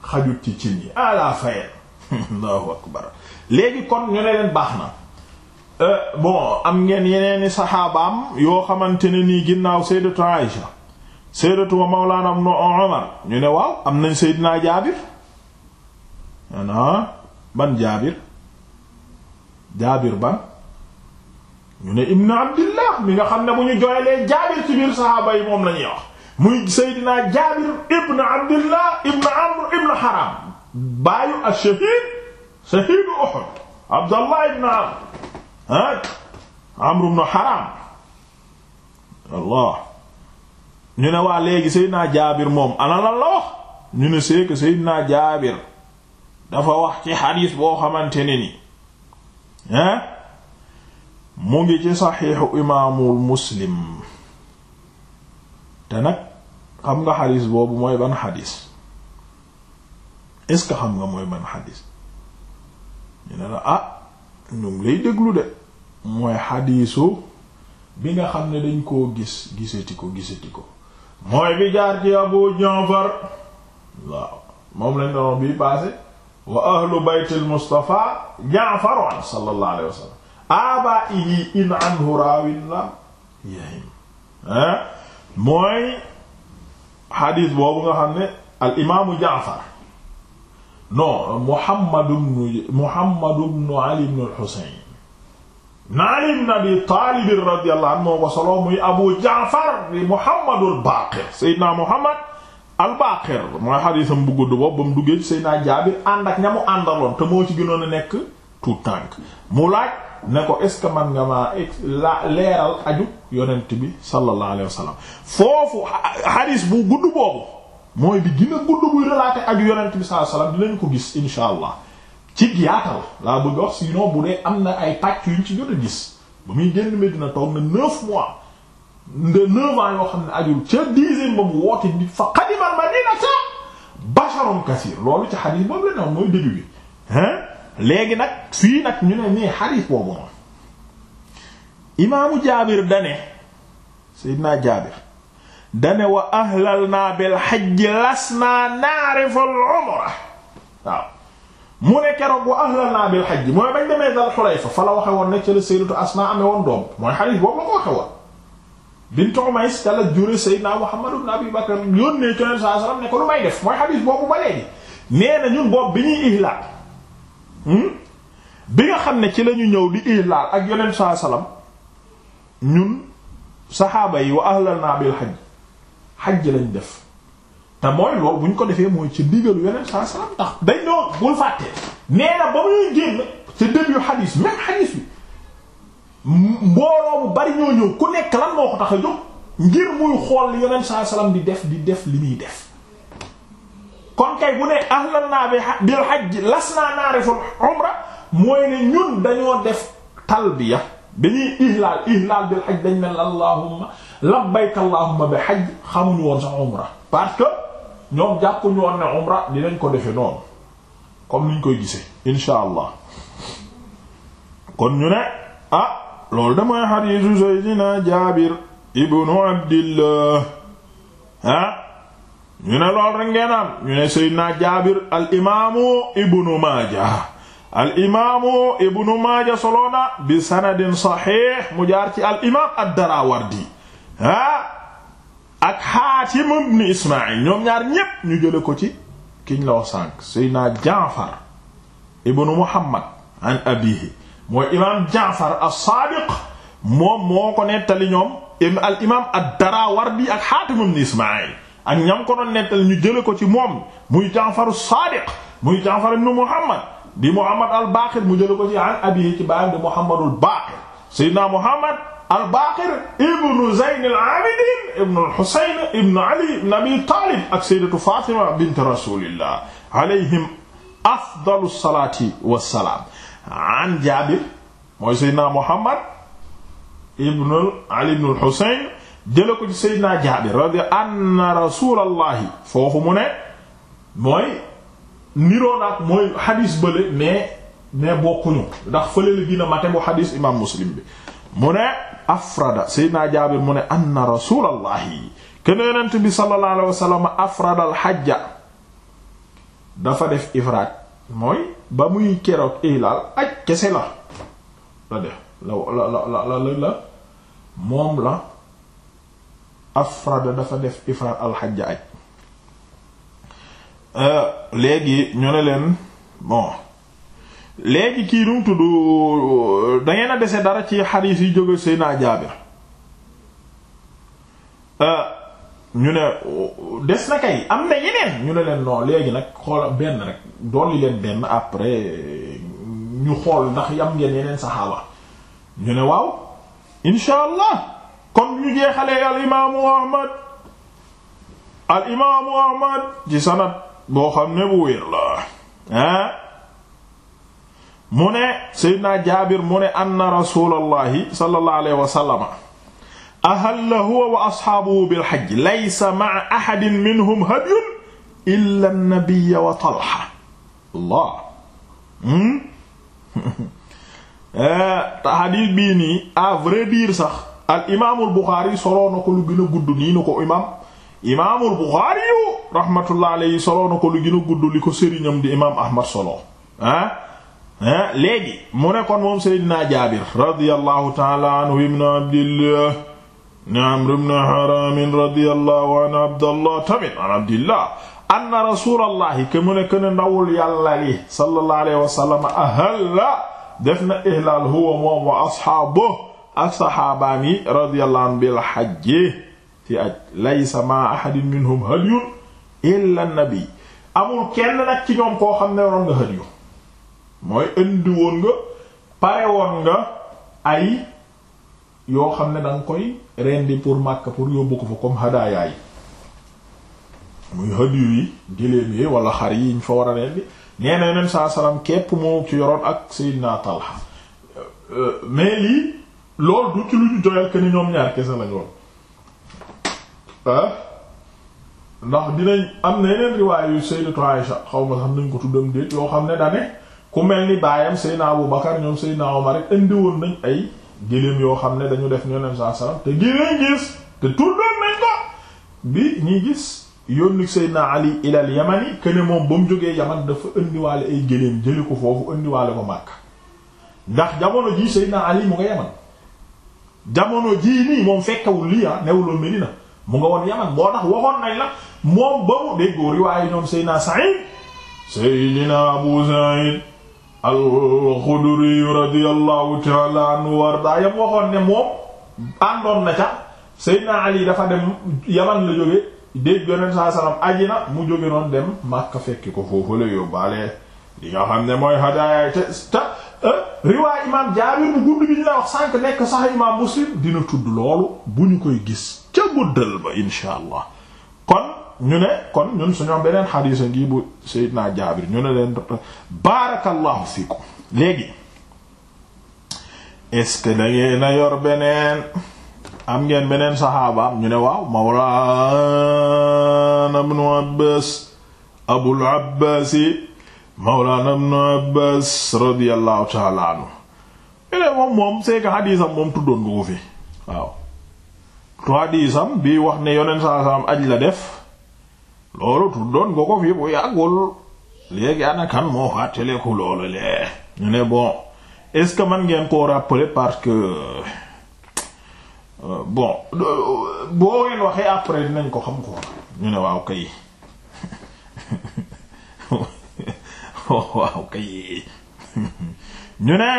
xajut ci cin yi ala fayal allahu akbar léegi kon ñu ne leen baax na euh, bon am ngeen yeneeni saxaabaam yoo xamante ne nii ginnaaw sayyidatu Aïsha sayyidatu mawlana ibn Umar ñu ne waaw am nañ seydinaa Jaabir ban Jaabir Jaabir ban ñu ne ibnu Abdillah mi nga xam ne bu ñu jooyalee Jaabir ci biir saxaaba yi moom lañuy wax muy Seydina Jaabir ibn Abdullah ibn Amr ibn Haram baayu ash-shahiid shahiidu Uhud Abdullah ibn Amr ah Amr ibn Haram Allah ñu ne waa léegi Seydina Jaabir moom ana lan la wax ñu ne c'est Seydina Jaabir dafa wax ci xadiis boo xamante ni ah mu ngi ci saxiixu imaamul Muslim xam nga xadis boobu mooy ban xadis est ce xam nga mooy ban xadis ñu ne la ah ñu lay déglu de mooy xadisu bi nga xam ne dañ koo gis gisati ko gisati ko mooy bi jaar ci Abu Ja'far waaw moom lañ doon bi passé wa ahlu baytil Mustafa Ja'far an sallallahu alayhi wa sallam abaihi in anhu raawin la yahim mooy xadiis boobu nga xam ne al imaamu jaafar non muhammadu bnu muhammadu bnu ali bnu al xuseyn bnu abi taalib radiyallahu anhu moo ko abu jaafar muhammadu al baaqir muhammad al mooy xadiisam bu gudd boobu ba mu duggee ci seydina jaabir ànd ak ña àndaloon te moo ci gënoon a nekk tout tànk mu laaj ne ko est ce que man la leeral aju yonent bi sallallahu alayhi wa sallam foofu xadis bu gudd boobu mooy di gën a gudd buy relaté aju yonent bi sallallahu alayhi wa sallam ko gis insha allah ci yaatal laa bëgg wax sinon bu dee am na ay pàcc yuñ ci jot a gis ba muy génn Medina toog na mois de neuf yoo xam ne ajul ca dixième ba mu woote fa qadimal madinata basharun kaseer loolu ci xadis boobu la mooy début bi hein léegi nag fii nag ñu ne nii xadiis boobu moom imaamu jaabir dane seydinaa jaabir dane wa ahlalnaa bil hajj lasnaa na'rifu al mu ne keroog wa ahlalnaa bil hajj mooy bañ demee dal xulayfa fa la waxe woon ne lu may def mooy xadiis boobu ba léegi nee na ñun boobu bi ñuy ihlal Hmm? bi nga xam ne ci la ñu ñëw di laal ak yonent saa salaam ñun saxaaba yi wa ahlal naa bil xaj xaj lañ def te mooy loolu bu ñu ko defee mooy ci ndigalu yonent saa salaam ndax dañ doon bul fàttee nee na ba muy génn ci début xadiis même xadiis bi mbooloo bu bari ñoo ñëw ku nekk lan moo ko tax a jóg ngir muy xool yonent saa salaam di def di def li muy def. kon kay bu ne ahlal naa bil hajj las naa naariful umra mooy ne ñun dañoo def talbiya dañuy ihlaal ihlaal bil hajj dañ mel allahumma labbayka allahumma bi hajj xamuñu woon sax umra parce que ñoom jàppuñu woon ne umra dinañ ko defe noonu comme niñ koy gisee insha allah kon ñu ne ah loolu damay xadiisu seydina jaabir ibnu abdillah ah ñu ne lool rek ngeen am ñu ne Seydina Jaabir al imaamu ibnu Maaja al imaamu ibnu Maaja soloona bi sanadin saxiix mu jaar ci al imaam ad-Darawardi ah ak Haatim ibnu Ismaayil ñoom ñaar ñépp ñu jële ko ci kiñ la wax sànq Seydina Jaafar ibnu Muhammad an abiihi mooy imaam Jaafar as-Saadiq moom moo ko nettali ñoom al imaam ad-Darawardi ak Haatim ibnu Ismaayil ak ñam ko doon nettal ñu jële ko ci moom muy Ja'far as-Sadiq muy Ja'far ibn Muhammad di Muhammad al-Baqir mu jële ko ci an abi ci baayam di Muhammadul Baqir Seydina Muhammad al-Baqir ibnu Zayn al-Abidin ibnu al-Husayn ibnu Ali ibnu Abi Talib ak Sayyidatu Fatima bint Rasulillah alayhim afdalu salaati wassalaam an Jaabir mooy Seydina Muhammad ibnu Ali ibnu al-Husayn jële ko ci Seydina Jaabir radi anna rasulallahi foofu mu ne mooy niroo naag mooy xadis bële mais mais bokkuñu ndax fëleli dina mate bu xadis imam Muslim bi mu ne afrada Seydina Jaabir mu ne anna rasulallahi kene yonent bi sallallahu alayhi wa afrada al dafa def ifraat mooy ba muy keroog ilaal aj kese la la def la la la la la moom la afrada dafa def ifraat alxajja aj euh, léegi ñu ne leen bon léegi kii nu mu tudd euh, da ngeen dese dara ci xadiis yi jóge Seydina Jaabir euh, ñu ne des na kay am na yeneen ñu ne leen non léegi nag xool benn rek dolli leen benn après ñu xool ndax yam ngeen yeneen saxaaba ñu ne waaw insha kon ñu jeexalee al imaamu ahmad al imaamu ahmad ci sanad boo xam ne bu wér la ah mu ne seydina jaabir mu ne anna rasulallahi sallallahu alayhi wa sallama ahalla huwa wa asxaabuhu bil hajj laysa ma'a ahadin minhum hadyun illa an-nabiy wa talha allah hmm? eh, te hadith bii nii à vrai dire sax al imaamul Buxaari soloo na ko lu gën a gudd nii nu ko imaam imaamul Buxaari yu rahmatullah alayhi soloo na ko lu gën a gudd li ko sëriñam di imaam Ahmad soloo ah ah léegi mu ne kon moom Seydina Jaabir radiyallahu ta'ala anhu ibn Abdillah ne Amr ibn Haram radiyallahu an Abdallah tamit an Abdillah anna rasulallahi ke mu ne ke ne ndawul yàlla li sallallahu alayhi wa sallam ahalla def na ihlal huwa moom wa ashaabuhu ak saxaabaan yi bi anhum bil hajji ci aj laysa ma ahadin minhum hadyun illa nabi amul kenn nag ci ñoom koo xam ne waroon nga hadyu mooy indi woon nga pare woon nga ay yoo xam ne danga koy rendi pour Makka pour yóbbu ko fa comme hadaayaay muy hadyu yi géléem yi wala xar yi ñu fa war a rendi nee na Yonent salaam képp moo ci yoroon ak Sayyidina Talha euh, mais lii lool du ci lu ñu doyal que ni ñoom ñaar kese lañ ah? ndax dinañ am na yeneen riwaay yu Sayyidatu Aïsha xaw ma xam nañ ko tuddam déet yoo xam ne dane ku mel ni baayam Seydina Abu Bakar ñoom Seydina Omar rek indiwoon nañ ay géléem yoo xam ne dañu def ñoneem saa salaam te géneen gis te turdoon nañ ko bi ñuy gis yónni Seydina Ali ilal yamani que ne moom ba mu jógee yaman dafa indiwaale ay géléem jëli ko foofu indiwaale ko Makka ndax jamono ji Seydina Ali mu nga jamono jii nii moom fekkewul lii ah newuloon Medina mu nga woon Yaman boo tax waxoon nañ la moom ba mu déggoo riwaaye ñoom Seydina Sa'id Seydina Abu Sa'id radiyallahu ta'ala anhu warda yam waxoon ne moom àndoon na ca Seydina Ali dafa dem Yaman la jóge dégg yonent saa salaam aji na mu jóge noon dem Makka fekki ko foofu la yóbbaale li xam ne mooy hadaaya te Euh, riwaay imaam Jaabir bu gudd bi ñu la wax sànq nekk sax imaam Muslim dina tudd loolu bu ñu koy gis ca guddal ba insha allah kon ñu ne kon ñun suñu am beneen xadiis ngi bu Seydina Jaabir ñu ne leen barakallahu fiikum léegi est-ce a yor beneen am ngeen beneen saxaabaam ñu ne waaw mawlaana ibnu Abbaas abul Abbaasi mawlaana ibnu Abbaas radiyallahu ta'ala anhu ene moom moom c'est que xadiisam moom tuddoon nga ko fi waaw tu xadiisam bii wax ne yonen saa saam aj la def loolu tuddoon nga ko fi bu yàggul léegi ana kan moo fàttaleku loolu lee ñu ne bon est-ce que man ngeen koo rappeler parce que euh, bon boo ngeen waxee après dinañ ko xam ko ñu ne waaw kay waaw kay ñu ne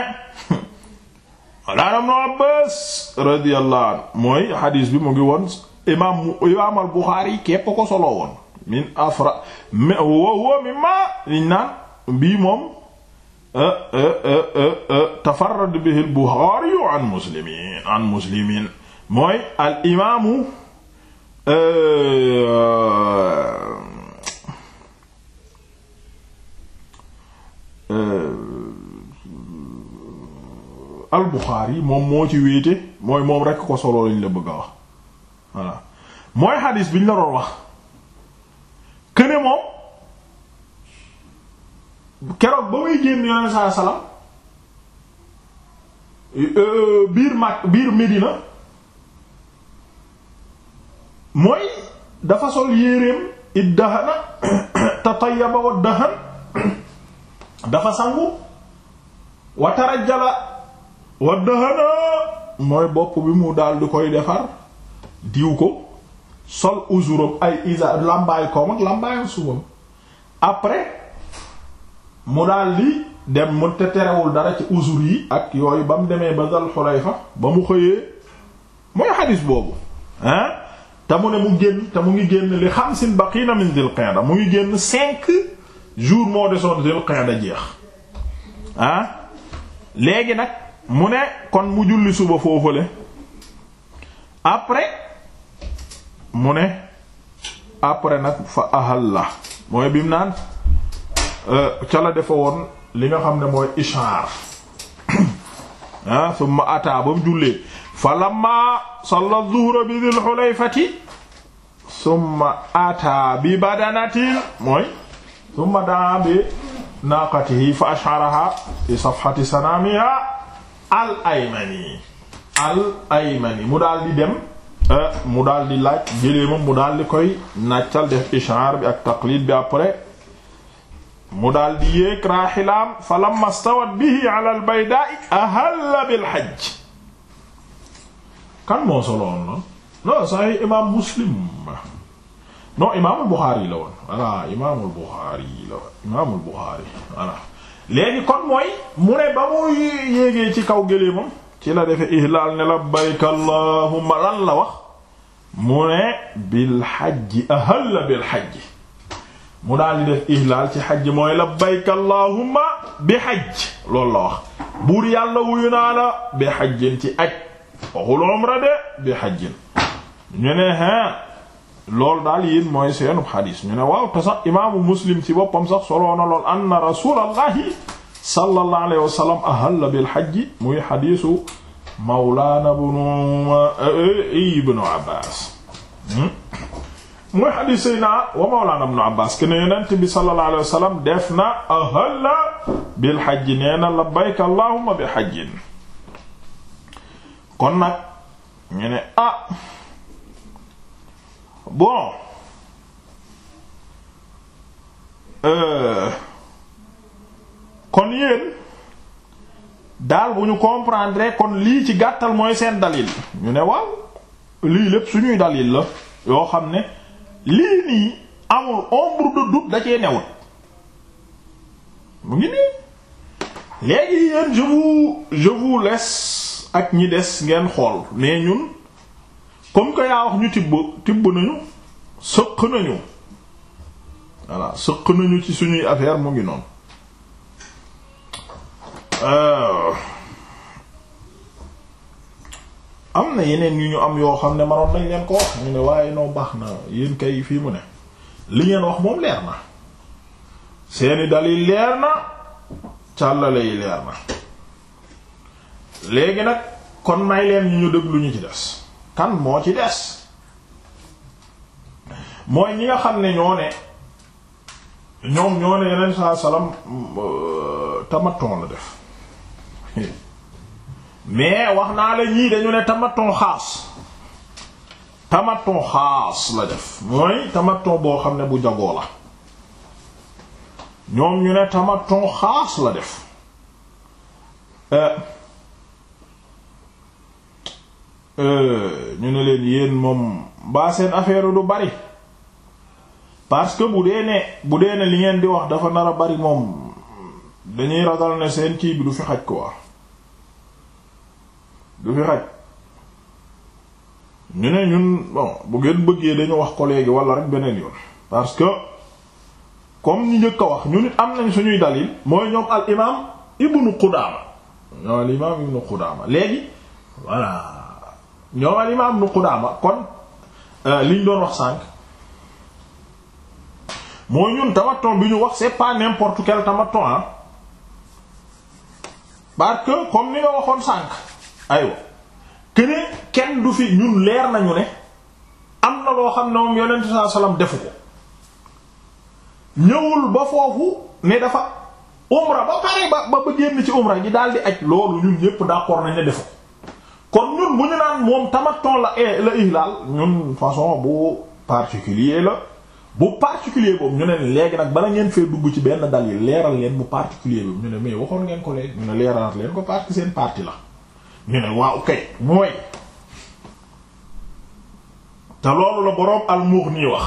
walaanam no Abbas radiyallahu mooy xadiis bi mu ngi woon imaam imaam ko solo min afra wa huwa mimma liñ naan bii moom e, e, e, tafarrad bihi al Buxaari muslimin mooy al imaamu Euh, al yi moom moo ci wéete mooy moom rekk ko solo lañ la bëgg a wax voilà mooy xadis bi ñu la doon wax këne moom keroog ba muy génn yoneen saa salaam biir mag biir Medina mooy dafa sol yéreem iddahana tatayaba wa dahan dafa sangu wa tarajjala wa dahana mooy bopp bi mu dal di koy defar diw ko sol uzuram ay isa làmbaay koom ak làmbaayam subam après mu daal di dem mu te terewul dara ci uzur yi ak yooyu ba mu demee ba Dul fa ba mu xëyee mooy xadis boobu ah te mu ne mu génn te mu ngi génn li xam xamsin baqiina min Dul Qa'da mu ngi génn cinq jour moo desoon Dul Qa'da jeex ah léegi nag mu ne kon mu julli suba foofale après mu ne après nag fa ahal la mooy bim naan euh, ca la defa woon li nga xam ne mooy ishaar ah summa ataa ba mu jullee fa lamma salla zuhra bi Dul Hulayfati summa ataa bi badanatil mooy thumma daa bi naaqatihi fa ash'araha fi safhati sanamiha al aymani al aymani mu daal di dem euh, mu daal di laaj jëleemam mu daal di koy nàccal def ishaar bi ak taqlid bi après mu daal di yéeg raaxilaam fa lamma stawat bihi ala al baydaa'i ahalla bil hajj kan moo soloon la non sahih imam muslim non imaamul Buxaari la woon voilà imaamul Buxaari la woon imaamul Buxaari voilà léegi kon mooy mu ne ba mu ci kaw géléemam ci la defe ihlaal ne lan la wax mu ne bil xajji ahalla bil xajji mu def ihlaal ci xajj mooy labbayka bi xajj loolu la wax buur yàlla wuyu naa la bi xajjin ci aj waxul umra bi xajjin ñu ha loolu daal yéen mooy seenu xadiis ñu imaamu muslim ci boppam sax soloo na lool anna rasulallahi sallallahu alayhi wa sallam ahalla bil hajji muy xadiisu mawlaana ibnu eh, eh, abbaas hmm? muy xadiis sayna wa mawlaana ibnu abbaas ken yonent bi sallallahu alayhi wa sallam bil hajji nee na labbayka allahumma bi hajjin ah bon euh, kon yéen daal bu ñu comprendre kon lii ci gàttal mooy seen dalil ñu ne waaw lii lépp suñuy dalil la yoo xam ne lii nii amul ombre de doute da cee newul mu ngi nii léegi yéen je vous je ak ñi des ngeen xool mais ñun comme que yaa wax ñu tibb tibb nañu sëq nañu voilà sëq nañu ci suñuy affaire mu ngi noonu euh, am na yeneen yu ñu am yoo xam ne manoon nañ leen ko wax ñu ne waaye noo baax na yéen kay fii mu ne li ngeen wax moom leer na seeni dalil leer na càllale yi leer na léegi nag kon may leen ñu ñu déglu ñu ci des kan moo ci des mooy ñi nga xam ne ñoo ne ñoom ñoo ne yeneen saa salaam tamaton la def mais wax naa la ñii dañu ne tamaton xaas tamaton xaas la def mooy tamaton boo xam ne bu jagoo la ñoom ñu ne tamaton xaas la def. Euh, Euh, ñu ne leen yéen moom baa seen affaire du bari parce que bu dee ne bu dee ne li ngeen di wax dafa nar a bari moom dañuy ragal ne seen kii bi du fi xaj quoi du fi xaj ñu ne ñun bon bu ngeen bëggee dañu wax ko léegi wala rek beneen yoon parce que comme ñu njëkk a wax ñu nit am nañ suñuy dalil mooy ñoom al imaam ibnu Qudaama ñoom al imaam ibnu Qudaama léegi voilà. ñoom al imaam nu Qudaama kon euh, liñ doon wax sànq moo ñun tamattu bi ñu wax c'est pas n'importe quel tamattu comme ni nga waxoon sànq aywa kene kenn du fi ñun leer nañu ne am na loo xam ne moom yonent sallallahu alayhi wasallam defu ko ñëwul ba foofu ne dafa umra ba pare ba ba génn ci umra gi daal di aj loolu ñun ñépp d'accord nañ defu ko kon ñun bu ñu naan moom tamatton la eh, la ihlal ñun façon bu particulier la bu particulier boobu ñu ne léegi nag bala ngeen fee dugg ci benn dal yi leeral leen bu particulier boobu ñu ne mais waxoon ngeen ko leen ñu ne leeralaat leen ko parce seen parti la ñu ne waaw kay mooy te loolu la boroom al-Mughni wax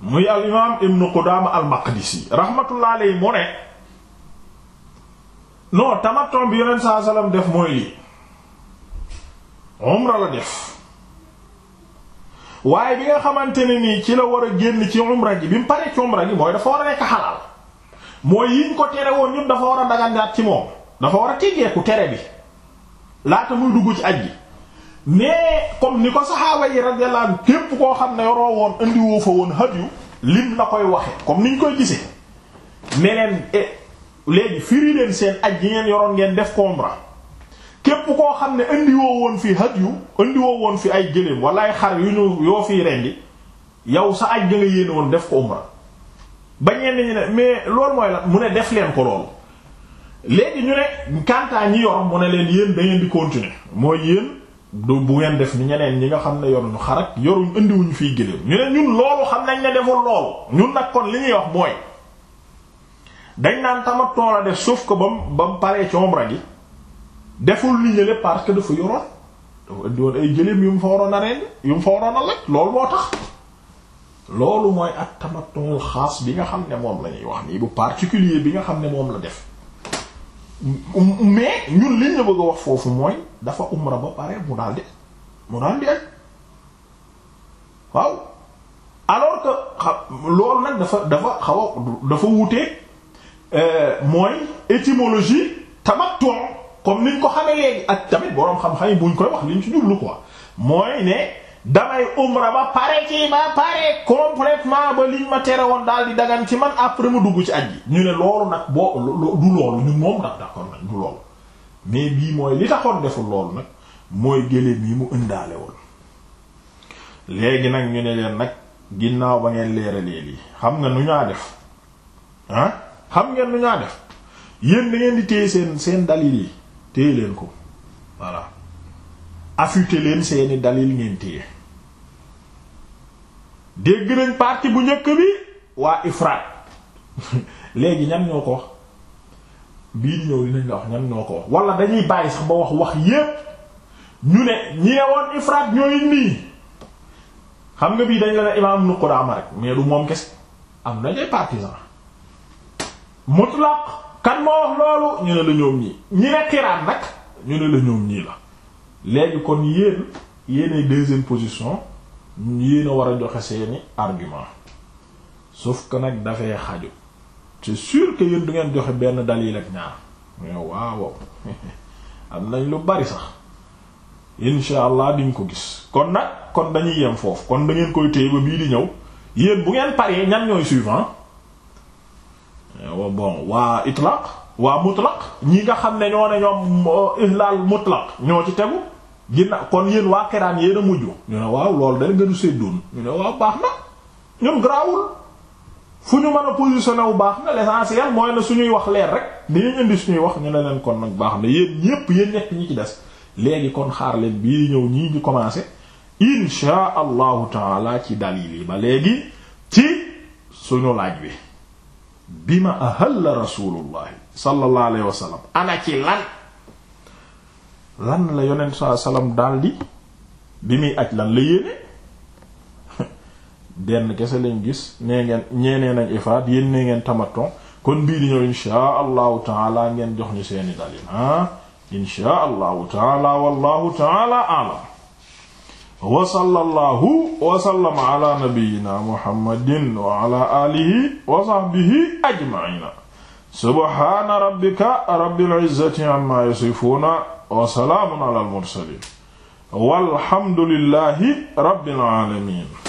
muy al imaam Ibn Qudaama al-Maqdisi rahmatullah mu ne non tamatton bi yonent saa salaam def mooy lii. umra la def waaye bi nga xamante ne nii ci la war a génn ci umra ji bi mu paree ci umra ji mooy dafa war a nekk xalaal mooy yiñ ko tere woon ñun dafa war a dagandaat ci moom dafa war a teggeeku tere bi laata muy dugg ci aj ji mais comme ni ko saxaaba yi radiyallahu anhu képp koo xam ne yoroo woon indiwoo fa woon hadiyu lim la koy waxe comme niñ koy gise meleen eh, léegi firi seen aj yi ngeen yoroon ngeen def ko umra képp koo xam ne indiwoo woon fi hadyu indiwoo woon fi ay gëléem wala ay xar yu ñu yoo fiy rendi yow sa aj nga yéene woon def ko umra ba ñenn ñi loolu mooy la mu def leen ko loolu léegi ñu ne kantaa ñi ne leen yéen da ngeen di continuer mooy bu ngeen def ni ñeneen ñi nga xam ne yoruñu xar ak yoruñ indiwuñu fiy gëléem ñu ne ñun loolu xam nañ ne deful loolu ñun nag kon li ñuy wax mooy dañ naan tamattu la def suuf ko ba mu ba mu paree ci umra yi deful ni ñële parce que dafa yoroon dafa ay jëleem yu mu fa waroon a reen yu fa waroon a lekk loolu moo tax loolu mooy ak tamattuul xas bi nga xam ne moom la ñuy wax nii bu particulier bi nga xam ne moom la def mais ñun liñ la bëgg a wax foofu mooy dafa umra ba pare mu daal di mu daal di aj waaw alors que xa loolu nag dafa dafa xaw dafa wuute euh, mooy étymologie tamattu comme niñ ko xamee léegi ak tamit boroom xam-xam yi buñ koy wax liñ ci jublu quoi mooy ne damay umra ba pare ci ba pare complètement ba liñ ma tere woon daal di dagan ci man après mu dugg ci aj ji ñu ne loolu nag boo du loolu ñun moom ndax d'accord nañ du loolu mais bii mooy li taxoon deful loolu nag mooy géléem yi mu indaale woon léegi nag ñu ne leen nag ginnaaw ba ngeen leeralee lii xam nga nu ñaa def ah xam ngeen nu ñaa def yéen da ngeen di téye seen seen dalil yi téye leen ko voilà affûté leen seeni dalil ngeen téye dégg nañ partie bu njëkk bi waa ifraat léegi ñan ñoo ko wax bii di ñëw dinañ la wax ñan ñoo ko wax wala dañuy bàyyi sax ba wax wax yépp ñu ne ñeewoon ifraat ñooy nii xam nga bii dañ la ne imaam nu Qudaama rek mais du moom kes am na des partisans mutlaq kan moo wax loolu ñu ne la ñoom ñii ñi ne xiraan nag ñu ne la ñoom ñii la léegi kon yéen yéenay deuxième position yéen a war a joxe seeni argument sauf que nag dafay xaju c'est sûr que yéen du ngeen joxe benn dalil ak ñaar mais waaw am nañ lu bari sax insha allah diñ ko gis kon nag kon dañuy yem foofu kon da ngeen koy téye ba bii di ñëw yéen bu ngeen paree ñan ñooy suivant Euh, bon waa itlaq waa mutlaq ñi nga xam ne ñoo ne ñoom euh, ihlal mutlaq ñoo ci tegu ginnaaw kon yéen waa kiraan yéen a mujj ñu ne waaw lool da ngeen séddoon ñu ne waaw baax na ñun grawul fu ñu mën a positionné wu baax na l'essentiel mooy ne suñuy wax leer rek dañuy indi suñuy wax ñu ne leen kon nag baax na yéen ñépp yéen ñett ñi ci des léegi kon xaar leen bii ñëw ñii ñu commencé insha allahu taala ci dal yi ba léegi ci suñu laaj bi bima ahalla rasulullahi sallallahu alayhi wa sallam ana ci lan lan la yonent saa sallam daldi bi muy aj lan la yéene denn kese lañ gis nee ngeen ñeenee nañ ifaat yéen ngeen tamaton kon bii ñëw inshaa allahu taala ngeen jox ñu seeni dalil ah inshaa allahu taala wallahu taala alam wa sallallahu wa sallama ala nabiyyina muhammadin wa ala alihi wa sahbihi ajma'ina subhana rabbika rabbil izzati amma yasifuna wa salaamun ala al mursalin walhamdulillahi rabbil alamin